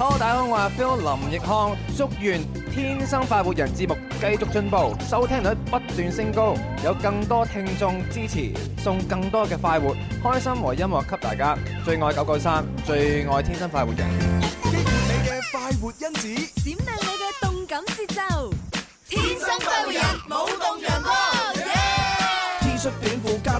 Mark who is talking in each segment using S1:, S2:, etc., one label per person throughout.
S1: Hello 大家好，我係 Phil 林奕康，祝願《天生快活人》節目繼續進步，收聽率不斷升高，有更多聽眾支持，送更多嘅快活、開心和音樂給大家。最愛九九三，最愛天生快活人，
S2: 激活你嘅快活因子，點亮你嘅動感節奏，天生快活人舞動。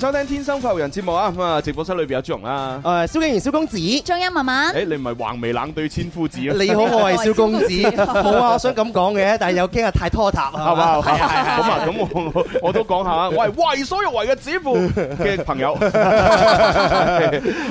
S3: 收聽天生浮人節目啊咁啊！直播室裏邊有朱榮啦，誒，蕭景炎
S1: 蕭公子，
S2: 張欣文
S3: 文，誒，你唔係橫眉冷對千夫指啊？你好，我係蕭公子。好啊，我
S1: 想咁講嘅，但係有驚啊，太拖沓啊，係嘛？係啊係啊。咁啊，咁我我都講下啊，我係為所欲為嘅子父嘅朋友。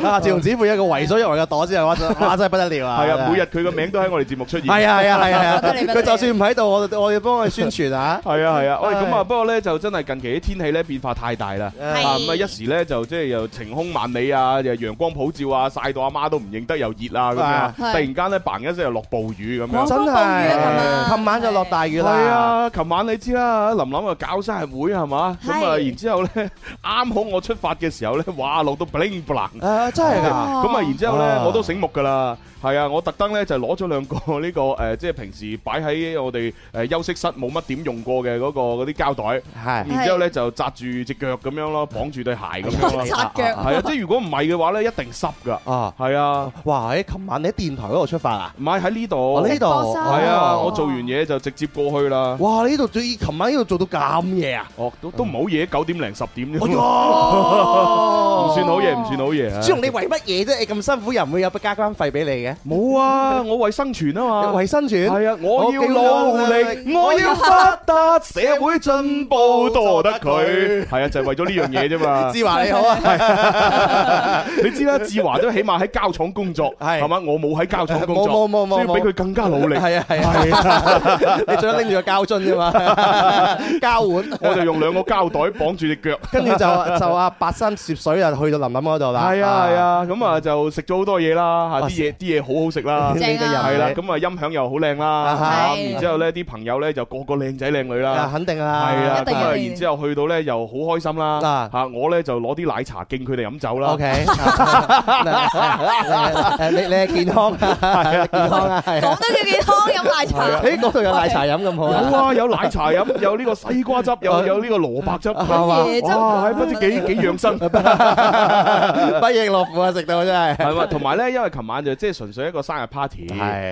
S1: 啊，張榮子父一個為所欲為嘅朵子啊，哇真係不得了啊！係啊，每日佢個名都喺我哋節目出現。係啊係啊係啊。不得了。佢就算唔喺度，我我要幫佢宣傳啊。係啊係啊。喂，咁
S3: 啊，不過咧就真係近期啲天氣咧變化太大啦。咁啊！一時咧就即係又晴空萬里啊，又陽光普照啊，晒到阿媽都唔認得，又熱啊咁樣。突然間咧，嘭一聲又落暴雨咁樣。真係，琴晚就落大雨啦。係啊，琴晚你知啦，林林啊搞生日會係嘛？咁啊，然之後咧，啱好我出發嘅時候咧，哇，路都 bling bling。誒，真係㗎！咁啊，然之後咧，我都醒目㗎啦。係啊，我特登咧就攞咗兩個呢個誒，即係平時擺喺我哋誒休息室冇乜點用過嘅嗰個嗰啲膠袋，係，然之後咧就紮住隻腳咁樣咯，綁住對鞋咁樣咯，紮腳，係啊，即係如果唔係嘅話咧，一定濕噶，啊，係啊，哇，喺琴晚你喺電台嗰度出發啊？唔係喺呢度，喺呢度，係啊，我做完嘢就直接過去啦。哇，你呢度最琴晚呢度做到咁夜啊？哦，都都唔好嘢，
S1: 九點零十點，唔算好夜，唔算好夜。朱融，你為乜嘢啫？你咁辛苦又唔會有筆加班費俾你嘅？
S3: 冇啊！我為生存啊嘛，為生存係啊！我要努力，我要發達，社會進步多得佢，係啊，就係為咗呢樣嘢啫嘛。志華你好啊，你知啦，志華都起碼喺膠廠工作，係係嘛，我冇喺膠廠工作，冇冇冇，所以比佢更加努力。係啊係啊，你最多拎住個膠樽啫嘛，膠碗，我就用兩個膠袋綁住隻腳，跟住就就阿
S1: 跋山涉水啊，去到林林嗰度啦。係啊
S3: 係啊，咁啊就食咗好多嘢啦，啲嘢啲嘢。好好食啦，係啦，咁啊音響又好靚啦，然之後咧啲朋友咧就個個靚仔靚女啦，肯定啦，係啦，咁啊，然之後去到咧又好開心啦，吓我咧就攞啲奶茶敬佢哋飲酒啦，OK，誒
S4: 你
S1: 你係健康，講得健康飲奶茶，誒嗰度有奶茶飲咁好？有啊有奶茶飲，有呢個西瓜汁，有有呢個蘿蔔汁，哇，不知幾幾養生，不亦樂乎啊，食到真
S3: 係，係嘛，同埋咧因為琴晚就即係純。上一個生日 party，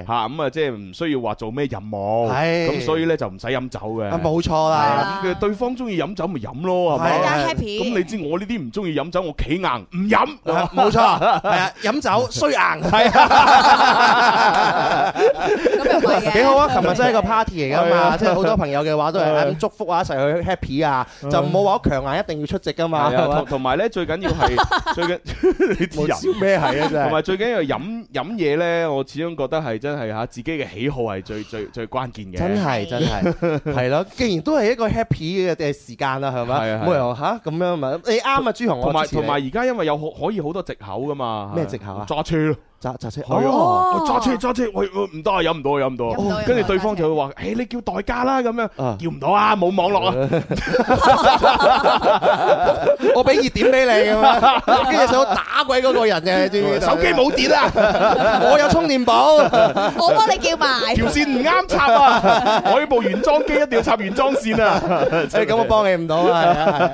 S3: 吓咁啊，即係唔需要話做咩任務，咁所以咧就唔使飲酒嘅，冇
S1: 錯啦。
S3: 咁對方中意飲酒咪飲咯，係咪？咁你知我呢啲唔中意飲酒，我企硬唔飲，冇錯。係啊，飲
S1: 酒衰硬，係啊，幾好啊！琴日真係一個 party 嚟噶嘛，即係好多朋友嘅話都係喺度祝福啊，一齊去 happy 啊，就唔好話強硬一定要出席噶嘛。同同埋咧最緊要係最緊，冇招咩係啊？同埋最
S3: 緊要飲飲嘢。嘢咧，我始終覺得係真係吓、啊，自己嘅喜好係最最最
S1: 關鍵嘅。真係真係，係咯。 既然都係一個 happy 嘅時間啦，係咪？冇理由吓咁樣嘛。你啱啊，朱紅。同埋同埋，而家因為有可可以好多藉口噶嘛。咩藉口啊？揸車咯。揸揸
S3: 車哦，揸車揸車，喂唔得啊，飲唔到啊，飲唔到。跟住對方就會話：誒，你叫代駕啦，咁樣叫唔到啊，冇網絡啊。
S1: 我俾熱點俾你咁樣，跟住想打鬼嗰個人嘅，手機冇電啊，我有充電寶，我
S3: 幫你叫埋。條線唔啱插啊，我呢部原裝機一定要插原裝線啊，即係咁我幫你唔到啊，係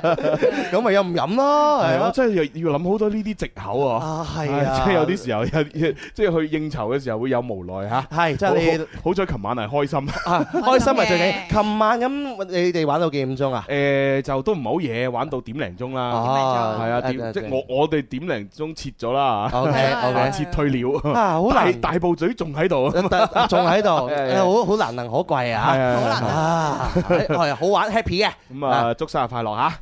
S3: 咁咪又唔飲咯，係啊，真係要要諗好多呢啲藉口啊，係啊，即係有啲時候即係去應酬嘅時候會有無奈嚇，係即係你好彩，琴晚係開心，
S2: 開心係最緊。
S3: 琴晚咁你哋玩到幾點鐘啊？誒就都唔係好夜，玩到點零鐘啦，係啊，即係我我哋點零鐘切咗啦，切退了。啊好大大部嘴仲喺度，仲喺度，好好難
S1: 能可貴啊！啊係好玩 happy 嘅，咁啊祝生日快樂嚇，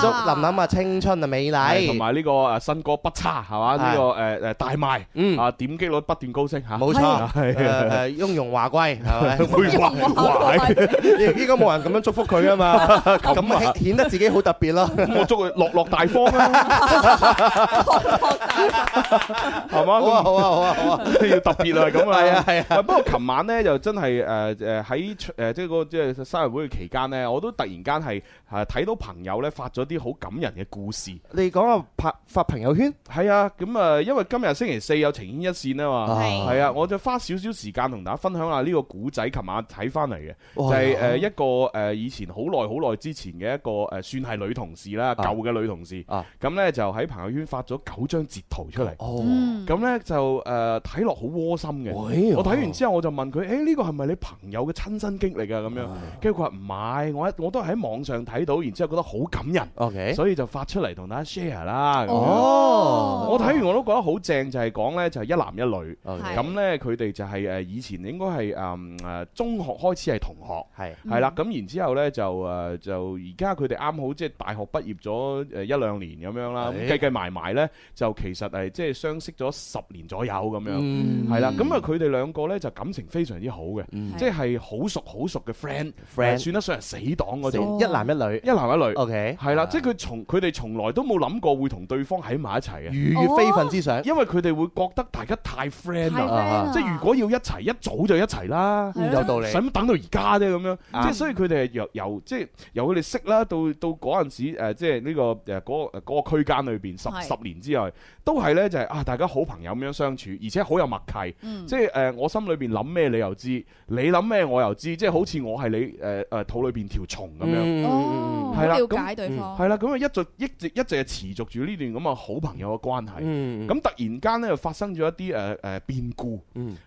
S1: 祝琳琳啊青春啊美麗，同埋
S3: 呢個誒新歌不差係嘛？呢個誒誒大賣。嗯，啊點擊率不斷高陞吓，冇錯，係誒雍容華貴，
S2: 係咪？雍容華貴？
S1: 應該冇人咁樣祝福佢啊嘛，咁啊顯得自己好特別咯。我祝佢落落大方啦，係嘛？好啊好啊好啊好
S3: 啊，要特別啊咁啊，係啊係啊。不過琴晚咧，就真係誒誒喺誒即係個即係生日會嘅期間咧，我都突然間係係睇到朋友咧發咗啲好感人嘅故事。
S1: 你講啊拍發朋友圈？
S3: 係啊，咁啊，因爲今日星期四有情牽一線啊嘛，係啊，我就花少少時間同大家分享下呢個古仔。琴晚睇翻嚟嘅就係誒一個誒以前好耐好耐之前嘅一個誒算係女同事啦，舊嘅女同事。啊，咁咧就喺朋友圈發咗九張截圖出嚟。
S4: 哦，
S3: 咁咧就誒睇落好窩心嘅。我睇完之後我就問佢：誒呢個係咪你朋友嘅親身經歷啊？咁樣。跟住佢話唔係，我我都係喺網上睇到，然之後覺得好感人。OK，所以就發出嚟同大家 share 啦。哦，我睇完我都覺得好正，就係。講咧就係一男一女，OK，咁咧佢哋就係誒以前應該係誒中學開始係同學，
S1: 係係啦，
S3: 咁然之後咧就誒就而家佢哋啱好即係大學畢業咗誒一兩年咁樣啦，計計埋埋咧就其實係即係相識咗十年左右咁樣，係啦，咁啊佢哋兩個咧就感情非常之好嘅，即係好熟好熟嘅 friend，friend 算得上係死黨嗰種，一男一女，一男一女，OK，係啦，即係佢從佢哋從來都冇諗過會同對方喺埋一齊嘅，如非分之想，因為佢哋會覺得大家太 friend 啦，即係如果要一齊，一早就一齊啦，有道理。使乜等到而家啫？咁樣，即係所以佢哋係由即係由佢哋識啦，到到嗰陣時誒，即係呢個誒嗰嗰個區間裏邊十十年之外，都係咧就係啊，大家好朋友咁樣相處，而且好有默契，即係誒，我心裏邊諗咩你又知，你諗咩我又知，即係好似我係你誒誒肚裏邊條蟲咁樣，係啦，咁係啦，咁啊一直一直一直係持續住呢段咁嘅好朋友嘅關係。咁突然間咧發生咗一啲誒誒變故，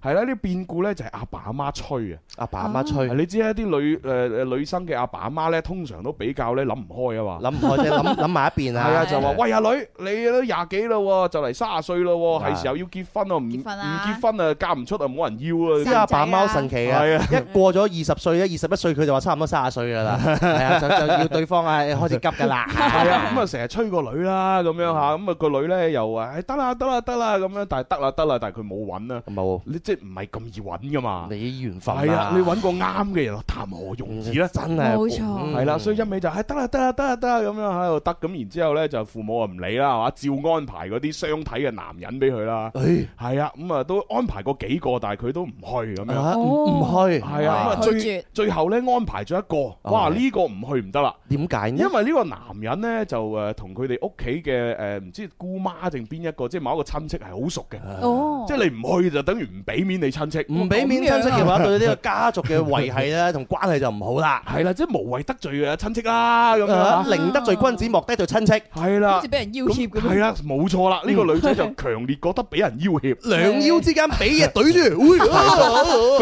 S3: 係啦，呢變故咧就係阿爸阿媽催啊，阿爸阿媽催，你知啦啲女誒誒女生嘅阿爸阿媽咧通常都比較咧諗唔開啊嘛，諗
S1: 唔開即諗諗埋一邊啊，係啊就話喂，阿女
S3: 你都廿幾啦，就嚟卅歲啦，係時候要結婚啊，唔唔結婚啊嫁唔出啊冇人要啊，啲阿爸阿媽神奇啊，一
S1: 過咗二十歲咧二十一歲佢就話差唔多卅歲噶啦，係啊就就要對
S3: 方啊開始急噶啦，係啊咁啊成日催個女啦咁樣吓，咁啊個女咧又話得啦得啦得啦咁。咁但係得啦，得啦，但係佢冇揾啦，冇你即係唔係咁易揾㗎嘛？你緣分係啊！你揾個啱嘅人，談何容易啦，真係冇錯，係啦。所以一味就係得啦，得啦，得啦，得啦咁樣喺度得。咁然之後咧，就父母啊唔理啦，係嘛？照安排嗰啲相睇嘅男人俾佢啦。係啊，咁啊都安排過幾個，但係佢都唔去咁樣。唔去係啊！咁最最後咧安排咗一個，哇！呢個唔去唔得啦。點解呢？因為呢個男人咧就誒同佢哋屋企嘅誒唔知姑媽定邊一個，即係某一個親戚係好。好熟嘅，即係你唔去就等於唔俾面你親戚，唔俾面親戚嘅話，對呢個家族嘅
S1: 維係咧同關係就唔好啦。係啦，即係無謂得罪啊親戚啦，咁樣寧得罪君子，莫得罪親戚。係啦，好似俾人要挾咁。係啊，冇錯啦，呢個女仔就強烈覺得
S3: 俾人要挾，兩腰之間俾嘢懟住。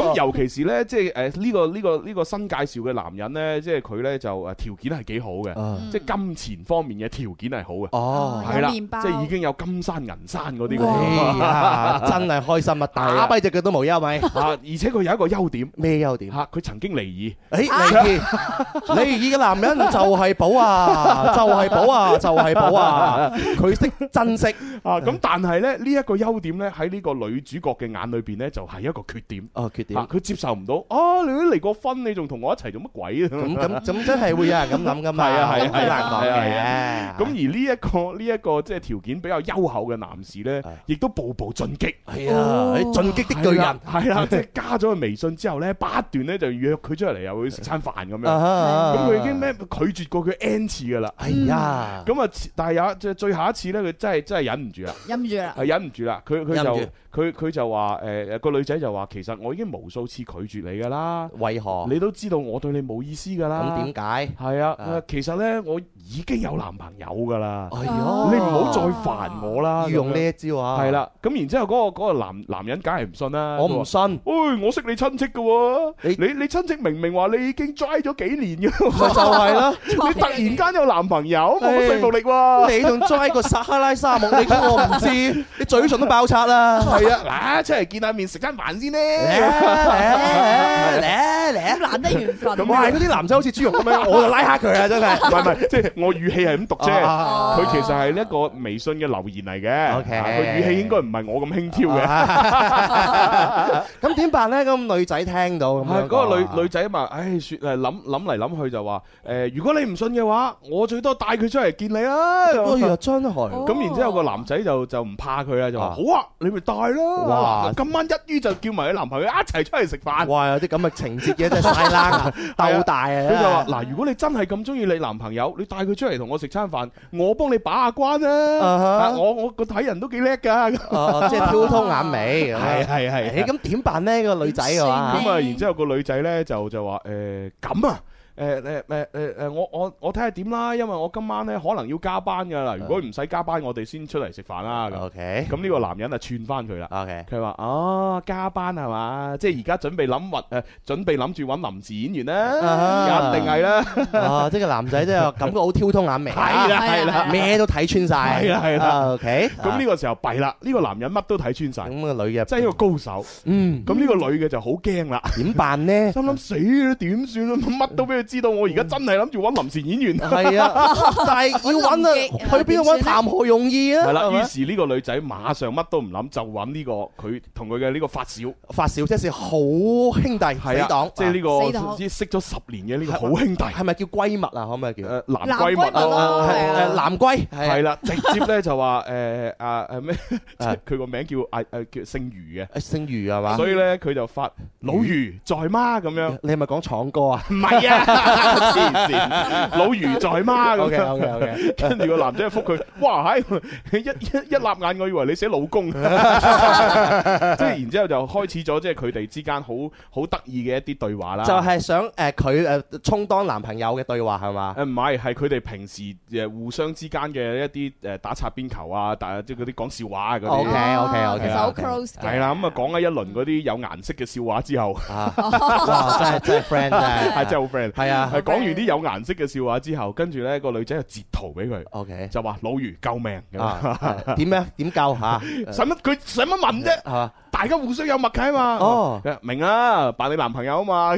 S3: 咁尤其是咧，即係誒呢個呢個呢個新介紹嘅男人咧，即係佢咧就誒條件係幾好嘅，即係金錢方面嘅條件係好嘅。哦，係啦，即係已經有金山銀山嗰啲。真係
S1: 開心啊！打跛隻腳都無憂咪，而且佢有一個優點，咩優點？啊！佢曾經離異，哎，離異，離異嘅男人就係寶啊，
S3: 就係寶啊，就係寶啊！
S1: 佢識珍惜啊！咁但係咧，呢一個
S3: 優點咧，喺呢個女主角嘅眼裏邊咧，就係一個缺點，啊，缺點，佢接受唔到啊！你都離過婚，你仲同我一齊做乜鬼啊？咁咁，真係會有人咁諗噶嘛？係啊係啊，好難講嘅。咁而呢一個呢一個即係條件比較優厚嘅男士咧，亦都步步進擊，係啊，進擊的巨人，係啦，即係加咗佢微信之後咧，不斷咧就約佢出嚟，又會食餐飯咁樣。咁佢已經咩拒絕過佢 n 次噶啦。係啊，咁啊，但係有即係最後一次咧，佢真係真係忍唔住啦。忍住忍唔住啦。佢佢就。佢佢就話誒個女仔就話其實我已經無數次拒絕你㗎啦，為何你都知道我對你冇意思㗎啦？咁點解？係啊，其實咧我已經有男朋友㗎啦。係啊，你唔好再煩我啦。要用呢一招啊！係啦，咁然之後嗰個嗰個男男人梗係唔信啦。我唔信。喂，我識你親戚㗎喎！你你你親戚明明話你已經 dry 咗幾年㗎，就係啦！你突然間有男朋
S1: 友，冇說服力喎！你仲 dry 過撒哈拉沙漠？你講我唔知，你嘴唇都爆擦啦！係啊，嗱，出嚟見下面食餐飯先咧，嚟啊嚟啊，難得緣分。咁唔係嗰啲男仔好似豬肉咁樣，我就拉下佢啊，真係。唔係唔係，即係我語
S3: 氣係咁讀啫。佢其實係一個微信嘅留言嚟嘅，佢語氣應該唔係我咁輕佻嘅。
S1: 咁點辦咧？咁女仔聽到咁樣。係嗰個
S3: 女女仔嘛，唉，說誒諗諗嚟諗去就話，誒，如果你唔信嘅話，我最多帶佢出嚟見你啊。真係，咁然之後個男仔就就唔怕佢啦，就話好啊，你咪帶。係咯，今晚一於就叫埋佢男朋友一齊出嚟食飯。哇！有啲咁嘅情節嘢真係曬冷鬥大啊！佢就話：嗱，如果你真係咁中意你男朋友，你帶佢出嚟同我食餐飯，我幫你把下關啊！我我個睇人都幾叻㗎，即係挑通眼尾。係，係，係。咁點辦呢？個女仔啊，咁啊，然之後個女仔咧就就話：誒咁啊！誒誒誒誒誒，我我我睇下點啦，因為我今晚咧可能要加班噶啦，如果唔使加班，我哋先出嚟食飯啦。咁，咁呢個男人啊，串翻佢啦。佢話：哦，加班係嘛？即係而家準備諗物誒，準備諗住搵臨時演員啦，一定係啦。
S1: 哦，即係男仔，即係感覺好挑通眼眉。係啦係啦，咩都睇穿晒。係啦係啦。咁呢個時候弊啦，呢個男人乜
S3: 都睇穿晒。咁個女嘅即係一個高手。嗯。咁呢個女嘅就好驚啦，點辦呢？心諗死啦，點算乜都畀。知道我而家真係諗住揾臨時演員，係啊，但係要揾啊，去邊度揾
S1: 談何容易啊？係啦，於是
S3: 呢個女仔馬上乜都唔諗，就揾呢個佢同佢嘅呢個髮小，髮小即是好
S1: 兄弟，死黨，即係呢個之
S3: 識咗十年嘅呢個好兄弟，係咪叫閨蜜啊？可唔可以叫？誒，男閨蜜咯，係誒男閨，係啦，直接咧就話誒啊誒咩？佢個名叫誒誒叫姓余嘅，姓余係嘛？所以咧佢就發老余在嗎？咁樣，你係咪講闖哥啊？唔係啊。黐線， 老余就係嘛咁嘅，跟 住個男仔又復佢，哇！嚇，一一一擸眼，我以為你寫老公，即係然之後就開始咗，即係佢哋之間好好得意嘅一啲對話啦。就係想誒佢誒充當男朋友嘅對話係嘛？誒唔係，係佢哋平時誒互相之間嘅一啲誒打擦邊球啊，但即係嗰啲講笑話嗰、啊、啲。OK OK OK，手 close 係啦，咁啊講咗一輪嗰啲有顏色嘅笑話之後，啊、哇！真係真係 friend，係真係好 friend。係啊，係講完啲有顏色嘅笑話之後，跟住咧個女仔就截圖俾佢，就話老余救命，點咩點救下？使乜佢使乜問啫？大家互相有默契啊嘛。明啊，扮你男朋友啊嘛。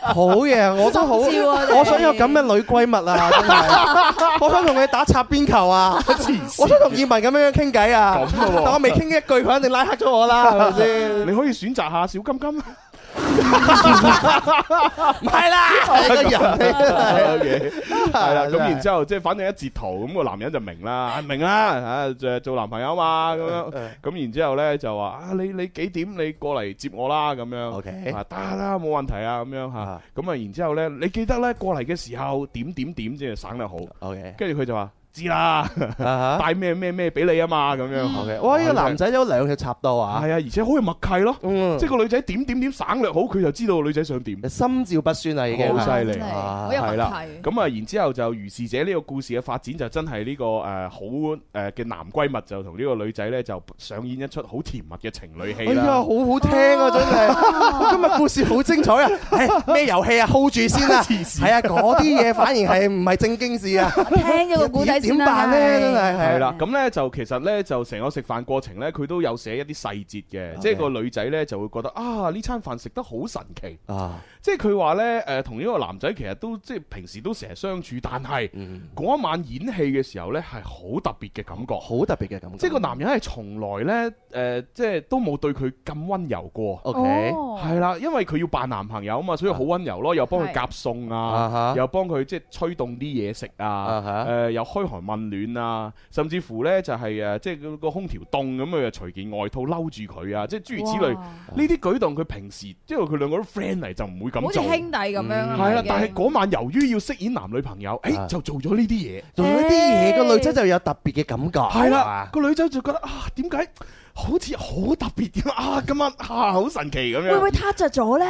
S1: 好嘢，我都好，我想有咁嘅女閨蜜啊，我想同你打擦邊球啊，我想同葉問咁樣樣傾偈啊。但我未傾一句，佢肯定拉黑咗我啦，係咪先？你可以選擇下小金金。
S4: 唔係 啦，係個人。O K，係啦，咁、嗯、然
S3: 之後即係反正一截圖，咁個男人就明啦，明啦吓，就做男朋友嘛，咁樣。咁然之後咧就話啊，你你幾點你過嚟接我啦？咁樣。O K，啊得啦，冇問題啊，咁樣吓。咁啊，然之後咧，你記得咧過嚟嘅時候點點點點，即係省得好。O K，跟住佢就話。知啦，帶咩咩咩俾你啊嘛，咁樣，哇！呢個男仔有兩隻插刀啊，係啊，而且好有默契咯，即係個女仔點點點省略好，佢就知道
S1: 個女仔想點，心照不宣
S3: 啊，已經，好犀利，好有默契。咁啊，然之後就如是者呢個故事嘅發展就真係呢個誒好誒嘅男閨蜜就同呢個女仔咧就上演一出好甜蜜嘅情侶戲啦。哎呀，好
S1: 好聽啊，真係，今日故事好精彩啊，咩遊戲啊，hold 住先啦，係啊，嗰啲嘢反而係唔係正經事啊，聽咗個故。點辦呢？真
S2: 係係啦，
S3: 咁呢，就其實呢，就成個食飯過程呢，佢都有寫一啲細節嘅，即係個女仔呢，就會覺得啊呢餐飯食得好神奇啊！即係佢話呢，誒，同呢個男仔其實都即係平時都成日相處，但係嗰一晚演戲嘅時候呢，係好特別嘅感覺，好特別嘅感覺。即係個男人係從來呢，誒，即係都冇對佢咁溫柔過。OK，係啦，因為佢要扮男朋友啊嘛，所以好溫柔咯，又幫佢夾餸啊，又幫佢即係吹凍啲嘢食啊，誒又開問暖啊，甚至乎呢、就是啊，就係、是、誒，即係個空調凍咁，佢就隨件外套嬲住佢啊，即係諸如此類。呢啲舉動佢、啊、平時因為佢兩個都 friend 嚟，就唔會咁做兄弟咁樣。係啦、嗯，了但係嗰晚由於要飾演男女朋友，誒、啊欸、就做咗呢啲
S1: 嘢，做咗啲嘢個女仔就有特別嘅感覺。係啦、啊，個吧、
S3: 啊、女仔就覺得啊，點解？
S1: 好似好特別咁啊！今晚嚇好神奇咁樣，會唔會塌着咗咧？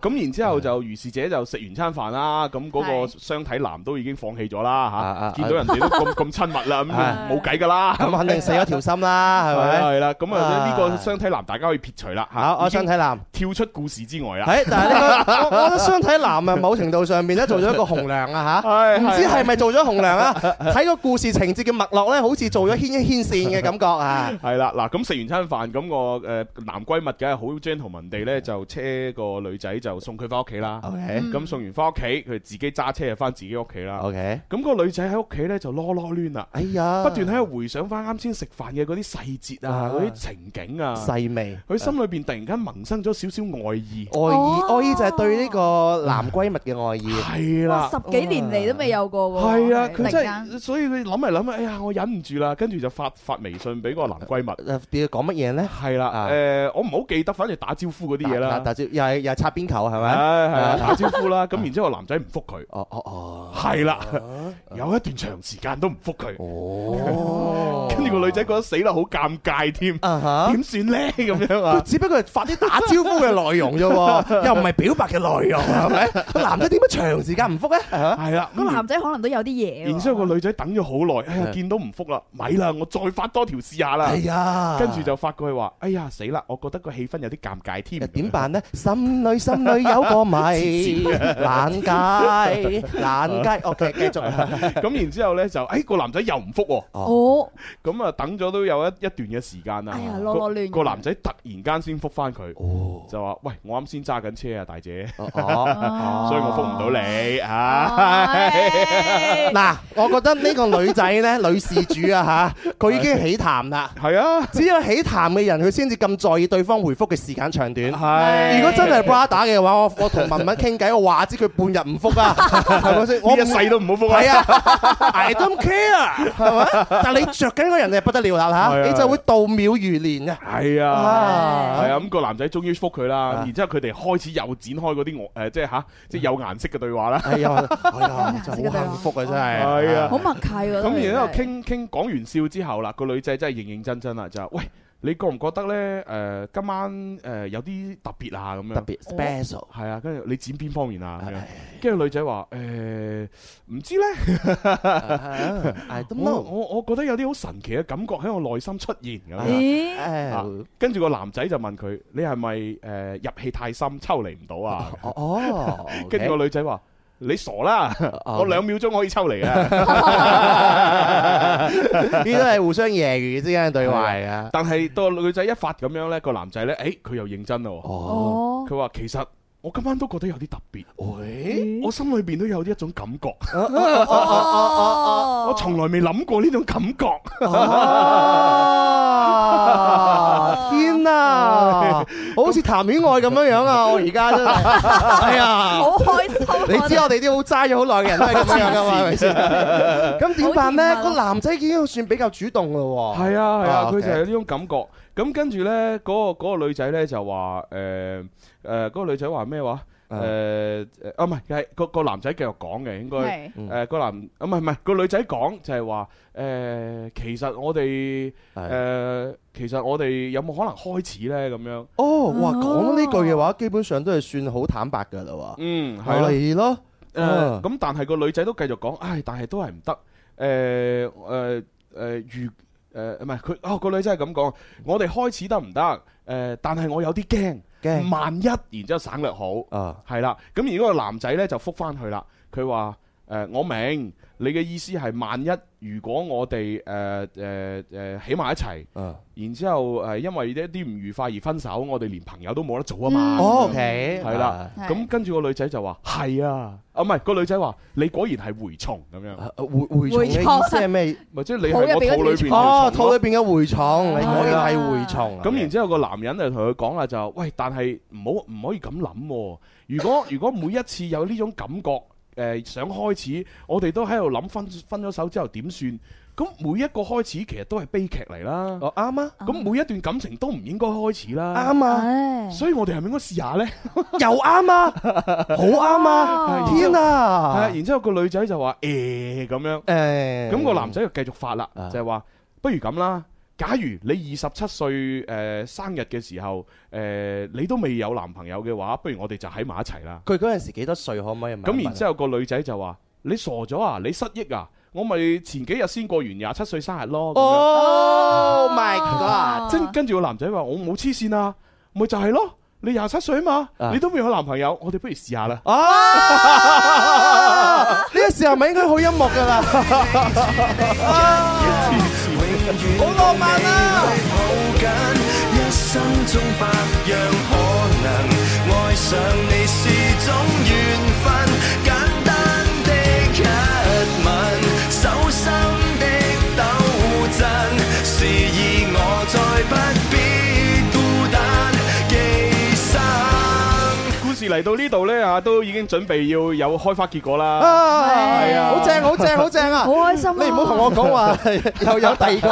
S3: 咁然之後就如是者就食完餐飯啦。咁嗰個雙體男都已經放棄咗啦嚇。見到人哋都咁咁親密啦，咁冇計㗎啦，咁
S1: 肯定死咗條心啦，係咪？係啦。咁啊呢個
S3: 雙體男大家可以撇除啦嚇。雙體男跳出故事之外啊。係，但係呢個
S1: 我覺得雙體男啊，某程度上面咧做咗一個紅娘啊嚇。係唔知係咪做咗紅娘啊？睇個故事情節嘅脈絡咧，好似做咗牽一牽線嘅。感覺
S3: 啊，係啦，嗱，咁食完餐飯，咁個誒，男閨蜜梗係好 gentleman 地咧，就車個女仔就送佢翻屋企啦。OK，咁送完翻屋企，佢自己揸車就翻自己屋企啦。OK，咁個女仔喺屋企咧就囉囉攣啦，哎呀，不斷喺度回想翻啱先食飯嘅嗰啲細節啊，嗰啲情景啊，細味。佢心裏邊突然間萌生咗少
S1: 少愛意，愛意，愛意就係對呢個男閨蜜嘅愛意。係啦，十幾年嚟都未有過喎。係啊，佢真係，所以佢諗嚟諗去，哎呀，我忍唔住啦，跟住就發發微。微信俾個男閨蜜，要講乜嘢咧？係啦，誒，
S3: 我唔好記得，反正打招
S1: 呼嗰啲嘢啦。打打招，又係又係擦邊球係咪？係啊，打招呼啦，咁然之後男仔唔復佢，哦哦哦，係啦，有一段長時間都唔復佢，哦，跟住個女
S3: 仔覺得死啦，好尷尬添，點算咧？咁樣啊？佢
S1: 只不過發啲打招呼嘅內容啫，又唔係表白嘅內容，
S3: 係咪？男仔點解長時間唔復咧？係啊，個男仔可能都有啲嘢。然之後個女仔等咗好耐，哎呀，見到唔復啦，咪啦，我再發多。條試下啦，係啊，跟住就發過去話，哎呀死啦，我覺得個氣氛有啲尷尬添，點
S1: 辦咧？心內心內有個謎，尷尬，尷尬。
S3: OK，繼續。咁然之後咧就，哎個男仔又唔覆，哦，咁啊等咗都有一一段嘅時間啦。哎呀，亂亂亂。個男仔突然間先覆翻佢，就話喂，我啱先揸緊車啊，大姐，所以我覆唔到你啊。
S1: 嗱，我覺得呢個女仔咧，女事主啊吓，佢已經起。起談啦，係啊，只有起談嘅人佢先至咁在意對方回覆嘅時間長短。係，如果真係 brother 嘅話，我我同文文傾偈，我話知佢半日唔覆啊，係咪先？我一世都唔好覆啊！係啊，I don't care，係嘛？但你着緊嘅人係不得了啦吓，你就會度秒如年啊！係啊，係啊，
S3: 咁個男仔終於覆佢啦，然之後佢哋開始又展開嗰啲誒，即係吓，即係有顏色嘅對話啦。係啊，係啊，就好幸福啊，真係，係啊，好默契。咁然之後傾傾講完笑之後啦，個女。就真係認認真真啦，就喂，你覺唔覺得呢？誒、呃，今晚誒、呃、有啲特別啊，咁樣特別、oh, special，係啊，跟住你剪邊方面啊？跟住、啊 uh, 女仔話誒，唔、呃、知呢？ uh, 我我我覺得有啲好神奇嘅感覺喺我內心出現咁樣。跟住、uh, uh. 啊、個男仔就問佢：你係咪誒入戲太深，抽離唔到啊？
S2: 哦，
S3: 跟住個女仔話。你傻啦！我兩秒鐘可以抽你噶，呢啲都係互相揶揄之間嘅對話噶。但係到個女仔一發咁樣呢個男仔呢，誒、哎，佢又認真咯。哦，佢話其實。我今晚都覺得有啲特別，喂！我心裏邊都有啲一種感覺。
S1: 我從來未諗過呢種感覺。天啊！好似談戀愛咁樣樣啊！我而家真係，哎呀！好開心！你知我哋啲好齋咗好耐嘅人都係咁樣噶嘛？係咪先？咁點辦呢？個男仔已經算比較主動咯喎。係啊係啊，佢就
S3: 係呢種感覺。咁跟住咧，嗰個嗰個女仔咧就話誒。誒，嗰、呃那個女仔話咩話？誒，哦，唔係，係個個男仔繼續講嘅，是應該誒個男，唔係唔係個女仔講就係話誒，其實我哋誒，其實我哋有冇可能開始咧？咁樣
S2: 哦，哇，講呢句
S1: 嘅話，基本上都係算好坦白噶啦。嗯，係咯，誒，
S3: 咁但係個女仔都繼續講，唉，但係都係唔得。誒，誒，誒，如誒，唔係佢啊，個女仔係咁講，我哋開始得唔得？誒、呃，但係我有啲驚。萬一，然之後省略好，係啦、啊。咁如果個男仔呢，就覆返佢啦，佢話：誒，我明。你嘅意思係萬一如果我哋誒誒誒起埋一齊，然之後誒因為一啲唔愉快而分手，我哋連朋友都冇得做啊嘛。哦，OK，係啦。咁跟住個女仔就話：係啊，啊唔係個女仔話你果然係蛔蟲咁樣。蛔蛔蟲意思係咩？咪即係你係我肚裏邊。哦，肚裏邊
S1: 嘅蛔蟲，你可以係蛔蟲。咁
S3: 然之後個男人就同佢講啦：就喂，但係唔好唔可以咁諗。如果如果每一次有呢種感覺。誒、呃，想開始，我哋都喺度諗分分咗手之後點算？咁每一個開始其實都係悲劇嚟啦，啱啊、哦！咁每一段感情都唔應該開始啦，啱啊！所以我哋係咪應該試
S1: 下呢？ 又啱啊，好啱 啊！哦、天啊！
S3: 然之後個女仔就話誒咁樣，誒咁、欸、個男仔就繼續發啦，嗯、就係話不如咁啦。假如你二十七歲誒生日嘅時候誒、呃、你都未有男朋友嘅話，不如我哋就喺埋一齊啦。佢嗰陣時幾多歲可唔可以？咁然之後，然後個女仔就話： 你傻咗啊！你失憶啊！我咪前幾日先過完廿七歲生日咯。Oh my god！跟住個男仔話：我冇黐線啊！咪就係、是、咯，你廿七歲啊嘛，uh. 你都未有男朋友，我哋不如試下啦。啊！
S1: 呢 個時候咪應該好音樂噶啦。 啊
S2: 你抱緊，一生中百樣可能，愛上你是種緣分。
S3: 嚟到呢度呢，啊，都已經準備要有開花結果啦！啊，好正，好正，好
S2: 正啊！好開心。你唔好同我講話
S3: 又有第二個。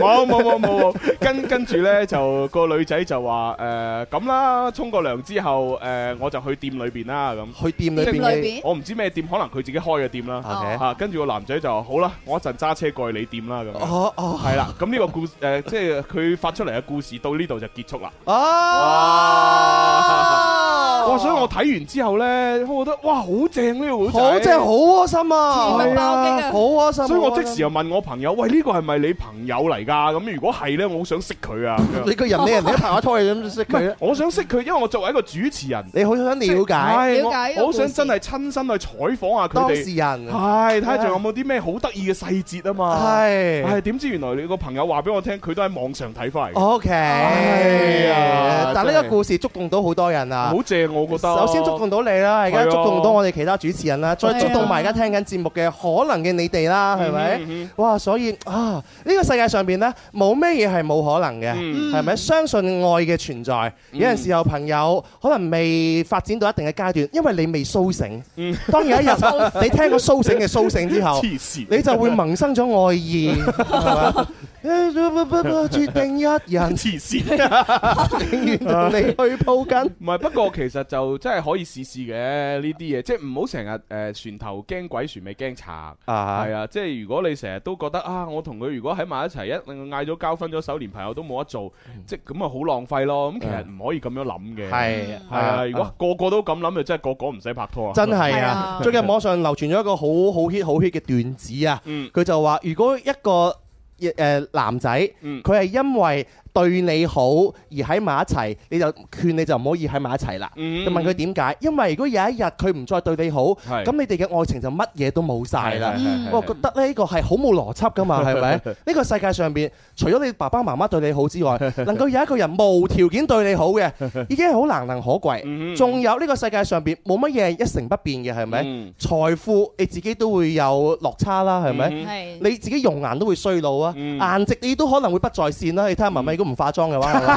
S3: 冇冇冇冇，跟跟住呢，就個女仔就話誒咁啦，沖個涼之後誒我就去店裏邊啦咁。去店裏邊？我唔知咩店，可能佢自己開嘅店啦。跟住個男仔就話好啦，我一陣揸車過去你店啦咁。哦哦，係啦。咁呢個故事，即係佢發出嚟嘅故事到呢度就結束啦。啊！哇！所以我睇完之後咧，我覺得哇，好正呢個故事，好正，好開心啊！係啊，好開心。所以我即時又問我朋友：喂，呢個係咪你朋友嚟㗎？咁如果係咧，我好想識佢啊！你個人你人？你拍下拖你想識佢？我想識佢，因為我作為一個主持人，你好想了解，了解。我好想真係親身去採訪下佢哋，人係睇下仲有冇啲咩好得意嘅細節啊嘛。係係，點知原來你個朋友話俾我聽，佢都喺網上睇翻嚟。OK，係啊，但呢個故
S1: 事觸動到好多人啊！好正。我覺得首先觸動到你啦，而家觸動到我哋其他主持人啦，再觸動埋而家聽緊節目嘅可能嘅你哋啦，係咪？哇！所以啊，呢個世界上邊咧，冇咩嘢係冇可能嘅，係咪？相信愛嘅存在，有陣時候朋友可能未發展到一定嘅階段，因為你未甦醒。嗯。當有一日你聽過甦醒嘅甦醒之後，黐線，你就會萌生咗愛意，係咪？注定一人，黐線，
S3: 永遠同你
S1: 去抱緊。唔係，不
S3: 過其實。就真係可以試試嘅呢啲嘢，即係唔好成日誒船頭驚鬼，船尾驚賊，係啊！即係如果你成日都覺得啊，我同佢如果喺埋一齊，一嗌咗交，分咗手，連朋友都冇得做，即係咁啊，好浪費咯！咁其實唔可以咁樣諗嘅，係係啊！如果個個都咁諗，就真係個個唔使拍拖啊！真係啊！最近
S1: 網上流傳咗一個好好 hit 好 hit 嘅段子啊，佢就話：如果一個誒男仔，佢係因為對你好而喺埋一齊，你就勸你就唔可以喺埋一齊啦。你問佢點解？因為如果有一日佢唔再對你好，咁你哋嘅愛情就乜嘢都冇晒啦。我覺得呢個係好冇邏輯噶嘛，係咪？呢個世界上邊除咗你爸爸媽媽對你好之外，能夠有一個人無條件對你好嘅，已經係好難能可貴。仲有呢個世界上邊冇乜嘢一成不變嘅，係咪？財富你自己都會有落差啦，係咪？你自己容顏都會衰老啊，顏值你都可能會不在線啦。你睇下文咪。都唔化妝嘅話，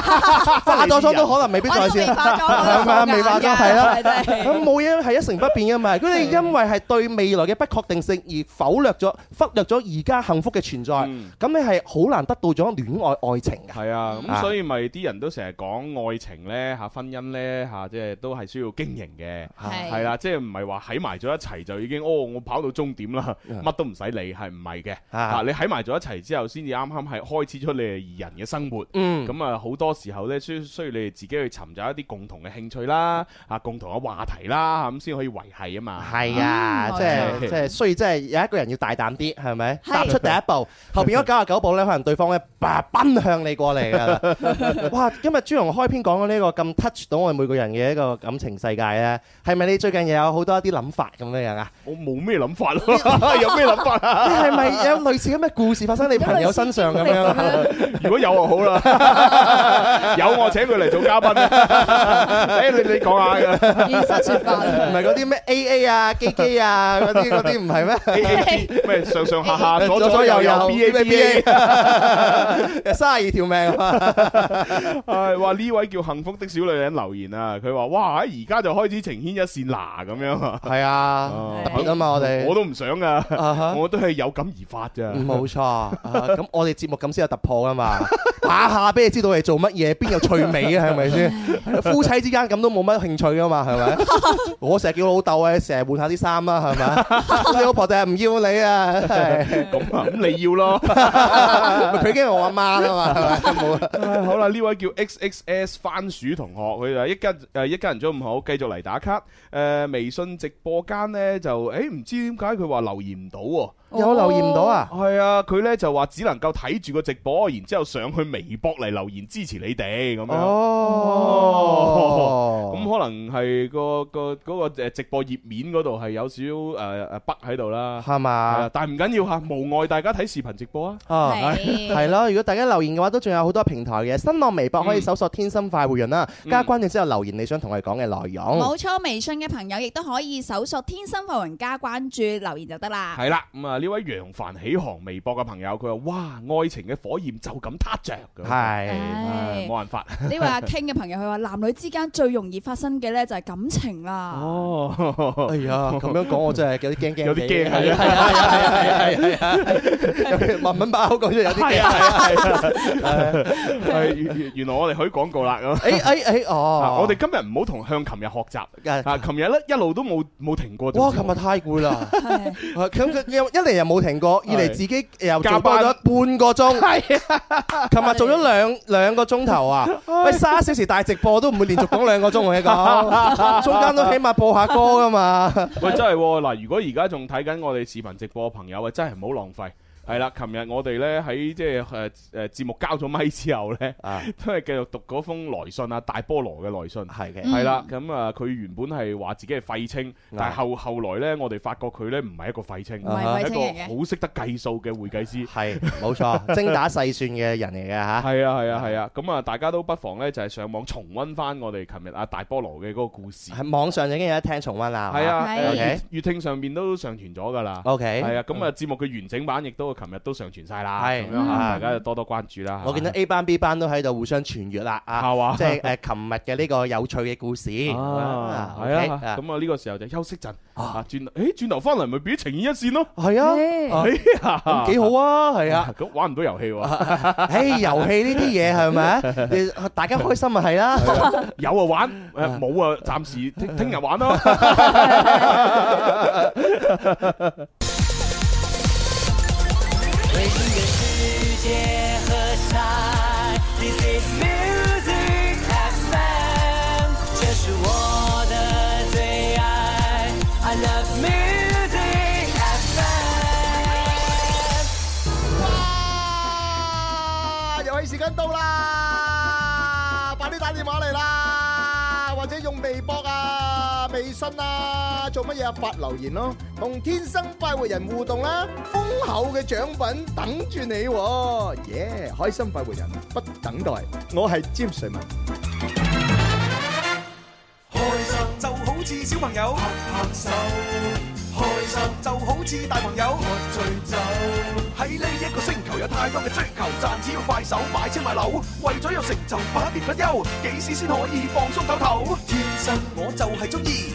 S1: 化咗妝都可能未必在線。係咪啊？未化妝係啦，咁冇嘢係一成不變噶嘛。咁你因為係對未來嘅不確定性而否略咗、忽略咗而家幸福嘅存在，咁你係好難得到咗戀愛愛情嘅。
S3: 係啊，咁所以咪啲人都成日講愛情呢吓，婚姻呢吓，即係都係需要經營嘅，係啦，即係唔係話喺埋咗一齊就已經哦，我跑到終點啦，乜都唔使理，係唔係嘅？啊，你喺埋咗一齊之後，先至啱啱係開始咗你哋二人嘅生活。嗯，咁啊好多時候咧，需需要你哋自己去尋找一啲共同嘅興趣啦，啊共同嘅話題啦，咁先可以維繫啊嘛。係啊，即係即係
S1: 需要，即係有一個人要大膽啲，係咪踏出第一步？後邊嗰九十九步咧，可能對方咧，叭奔向你過嚟噶啦。哇！今日朱融開篇講咗呢個咁 touch 到我哋每個人嘅一個感情世界咧，係咪你最近又有好多一啲諗法咁樣樣啊？我冇咩諗法咯，有咩諗法啊？你係咪有類似咁嘅故事發生你朋友身上咁樣？如果有就好啦。
S3: 有我請佢嚟做嘉賓，誒、 欸，你你講下嘅現身說法唔係嗰啲
S1: 咩 A A 啊，K K 啊，嗰啲啲唔係咩？咩 上上下下左左右右 B A B A，卅二條命、
S3: 啊，係話呢位叫幸福的小女人留言啊，佢話哇而家就開始情牽一線啦咁樣啊，係啊，嗯、啊特別啊我哋們我都唔想
S1: 啊，我都係、uh huh. 有感而發咋，冇錯錯，咁、 uh, 我哋節目咁先有突破啊嘛， 怕俾你知道係做乜嘢，邊有趣味啊？係咪先？夫妻之間咁都冇乜興趣噶嘛，係咪？我成日叫老豆啊，成日換下啲衫啦，係咪？你老婆第日唔要你啊？咁啊，咁你要咯？ 佢驚我阿媽啊嘛，係
S3: 咪？好啦，呢位叫 XXS 番薯同學，佢就一家誒一家人早午好，繼續嚟打卡。誒、呃、微信直播間咧就誒唔、欸、知點解佢話留言唔到喎。有留言到啊！係、哦、啊，佢咧就話只能夠睇住個直播，然之後上去微博嚟留言支持你哋咁樣。
S2: 哦，哦，哦，咁、嗯、
S3: 可能係個個嗰個誒直播頁面嗰度係有少誒誒、呃呃、北喺度啦。
S1: 係嘛嗎，
S3: 但係唔緊要吓，無礙大家睇視頻直播啊。啊，
S1: 係咯。如果大家留言嘅話，都仲有好多平台嘅新浪微博可以搜索天心快活人天生快活人啦、啊，加關注之後留言你想同我哋講嘅內容。冇錯、嗯，微信嘅朋友亦都可以搜索天生快活人加關注留言就得啦。係啦，
S3: 咁啊。呢位揚帆起航微博嘅朋友，佢話：哇，愛情嘅火焰就咁塌
S1: 着，嘅，係冇辦法。呢位阿 King 嘅朋友，佢話：男女之間最容易發生
S2: 嘅咧，就係感情啦。
S1: 哦，哎呀，咁樣講我真係有啲驚驚，有啲驚係啊，係啊，係啊，文文把口講出有啲驚。係係
S3: 係。原原來我哋可以廣告啦。咁，哎哎哦，我哋今日唔好同向琴日學習。琴日咧一路都冇冇停過。哇，琴日太攰啦。
S1: 咁佢一嚟，又冇停過，二嚟自己又加班咗半個鐘。係啊，琴日做咗兩兩個鐘頭啊。喂，三小時大直播都唔會連續講兩個鐘喎，個中間都起碼播下歌噶嘛。喂，
S3: 真係嗱，如果而家仲睇緊我哋視頻直播嘅朋友，喂，真係唔好浪費。係啦，琴日我哋咧喺即係誒誒節目交咗咪之後咧，都係繼續讀嗰封來信啊，大菠蘿嘅來信。係嘅，係啦，咁啊，佢原本係話自己係廢青，但係後後來咧，我哋發覺佢咧唔係一個廢青，唔係一個好識得計數嘅會計師。係冇錯，精打細算嘅人嚟
S1: 嘅嚇。係啊係啊係
S3: 啊，咁啊大家都不妨咧就係上網重溫翻我哋琴日阿大菠蘿嘅嗰個故事。
S1: 係網上已經有得聽重溫啦。係啊，粵
S3: 粵聽上面都上傳咗㗎啦。OK，係啊，咁啊節目嘅完整版亦都。琴日都上傳晒啦，咁大家多多關注啦。我見到 A
S1: 班 B 班都喺度互相傳閱啦，啊，即係誒琴日嘅呢個有趣嘅故事，
S3: 係啊。咁啊呢個時候就休息陣，啊轉，誒轉頭翻嚟咪變情願一線
S2: 咯，係啊，咁幾好啊，係
S1: 啊。咁玩唔到遊戲喎，誒遊戲呢啲嘢係咪啊？大家開心咪係啦，有啊玩，誒冇啊暫時聽日玩咯。
S2: 哇，遊 戲樂時
S1: 間到啦，快啲打電話嚟啦，或者用微博啊！身啦，做乜嘢啊？發留言咯，同天生快活人互動啦，豐厚嘅獎品等住你，耶！開心快活人不等待，我係詹瑞文。
S2: 開心就好似小朋友拍拍手，開心就好似
S1: 大朋友喝醉酒。喺呢一個星球有太多嘅追求，賺錢要快手
S3: 買車買樓，為咗有成就不眠不休，幾時先可以放鬆透透？天生我就係中意。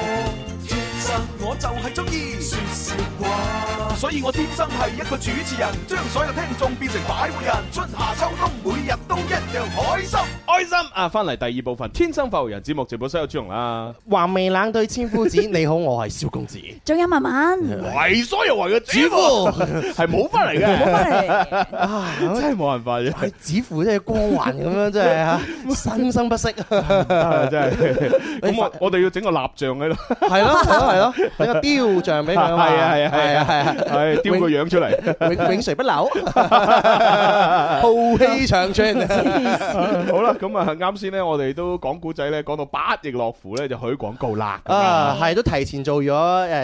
S3: 就係中意說笑話，所以我天生係一
S1: 個主持人，將所
S3: 有聽眾變成擺貨人。春夏秋冬，每日都一樣開心。開心啊！翻嚟第二部分，天生擺貨人節目，直播室有朱容啦。
S1: 橫眉冷對千夫指，你好，我係小公子。仲有慢慢
S3: 為所欲為嘅主婦
S1: 係冇翻嚟嘅，真係冇辦法嘅。係主婦嘅光環咁樣，真係生生不息，
S3: 真係。咁我我哋要整個蠟像喺度，係咯係咯。雕像俾佢，係啊係啊係啊係啊，雕個樣出嚟，永永垂不朽，浩氣長存。好啦，咁啊，啱先咧，我哋都講古仔咧，講到不亦樂乎咧，就去廣告啦。啊，係
S1: 都提前做咗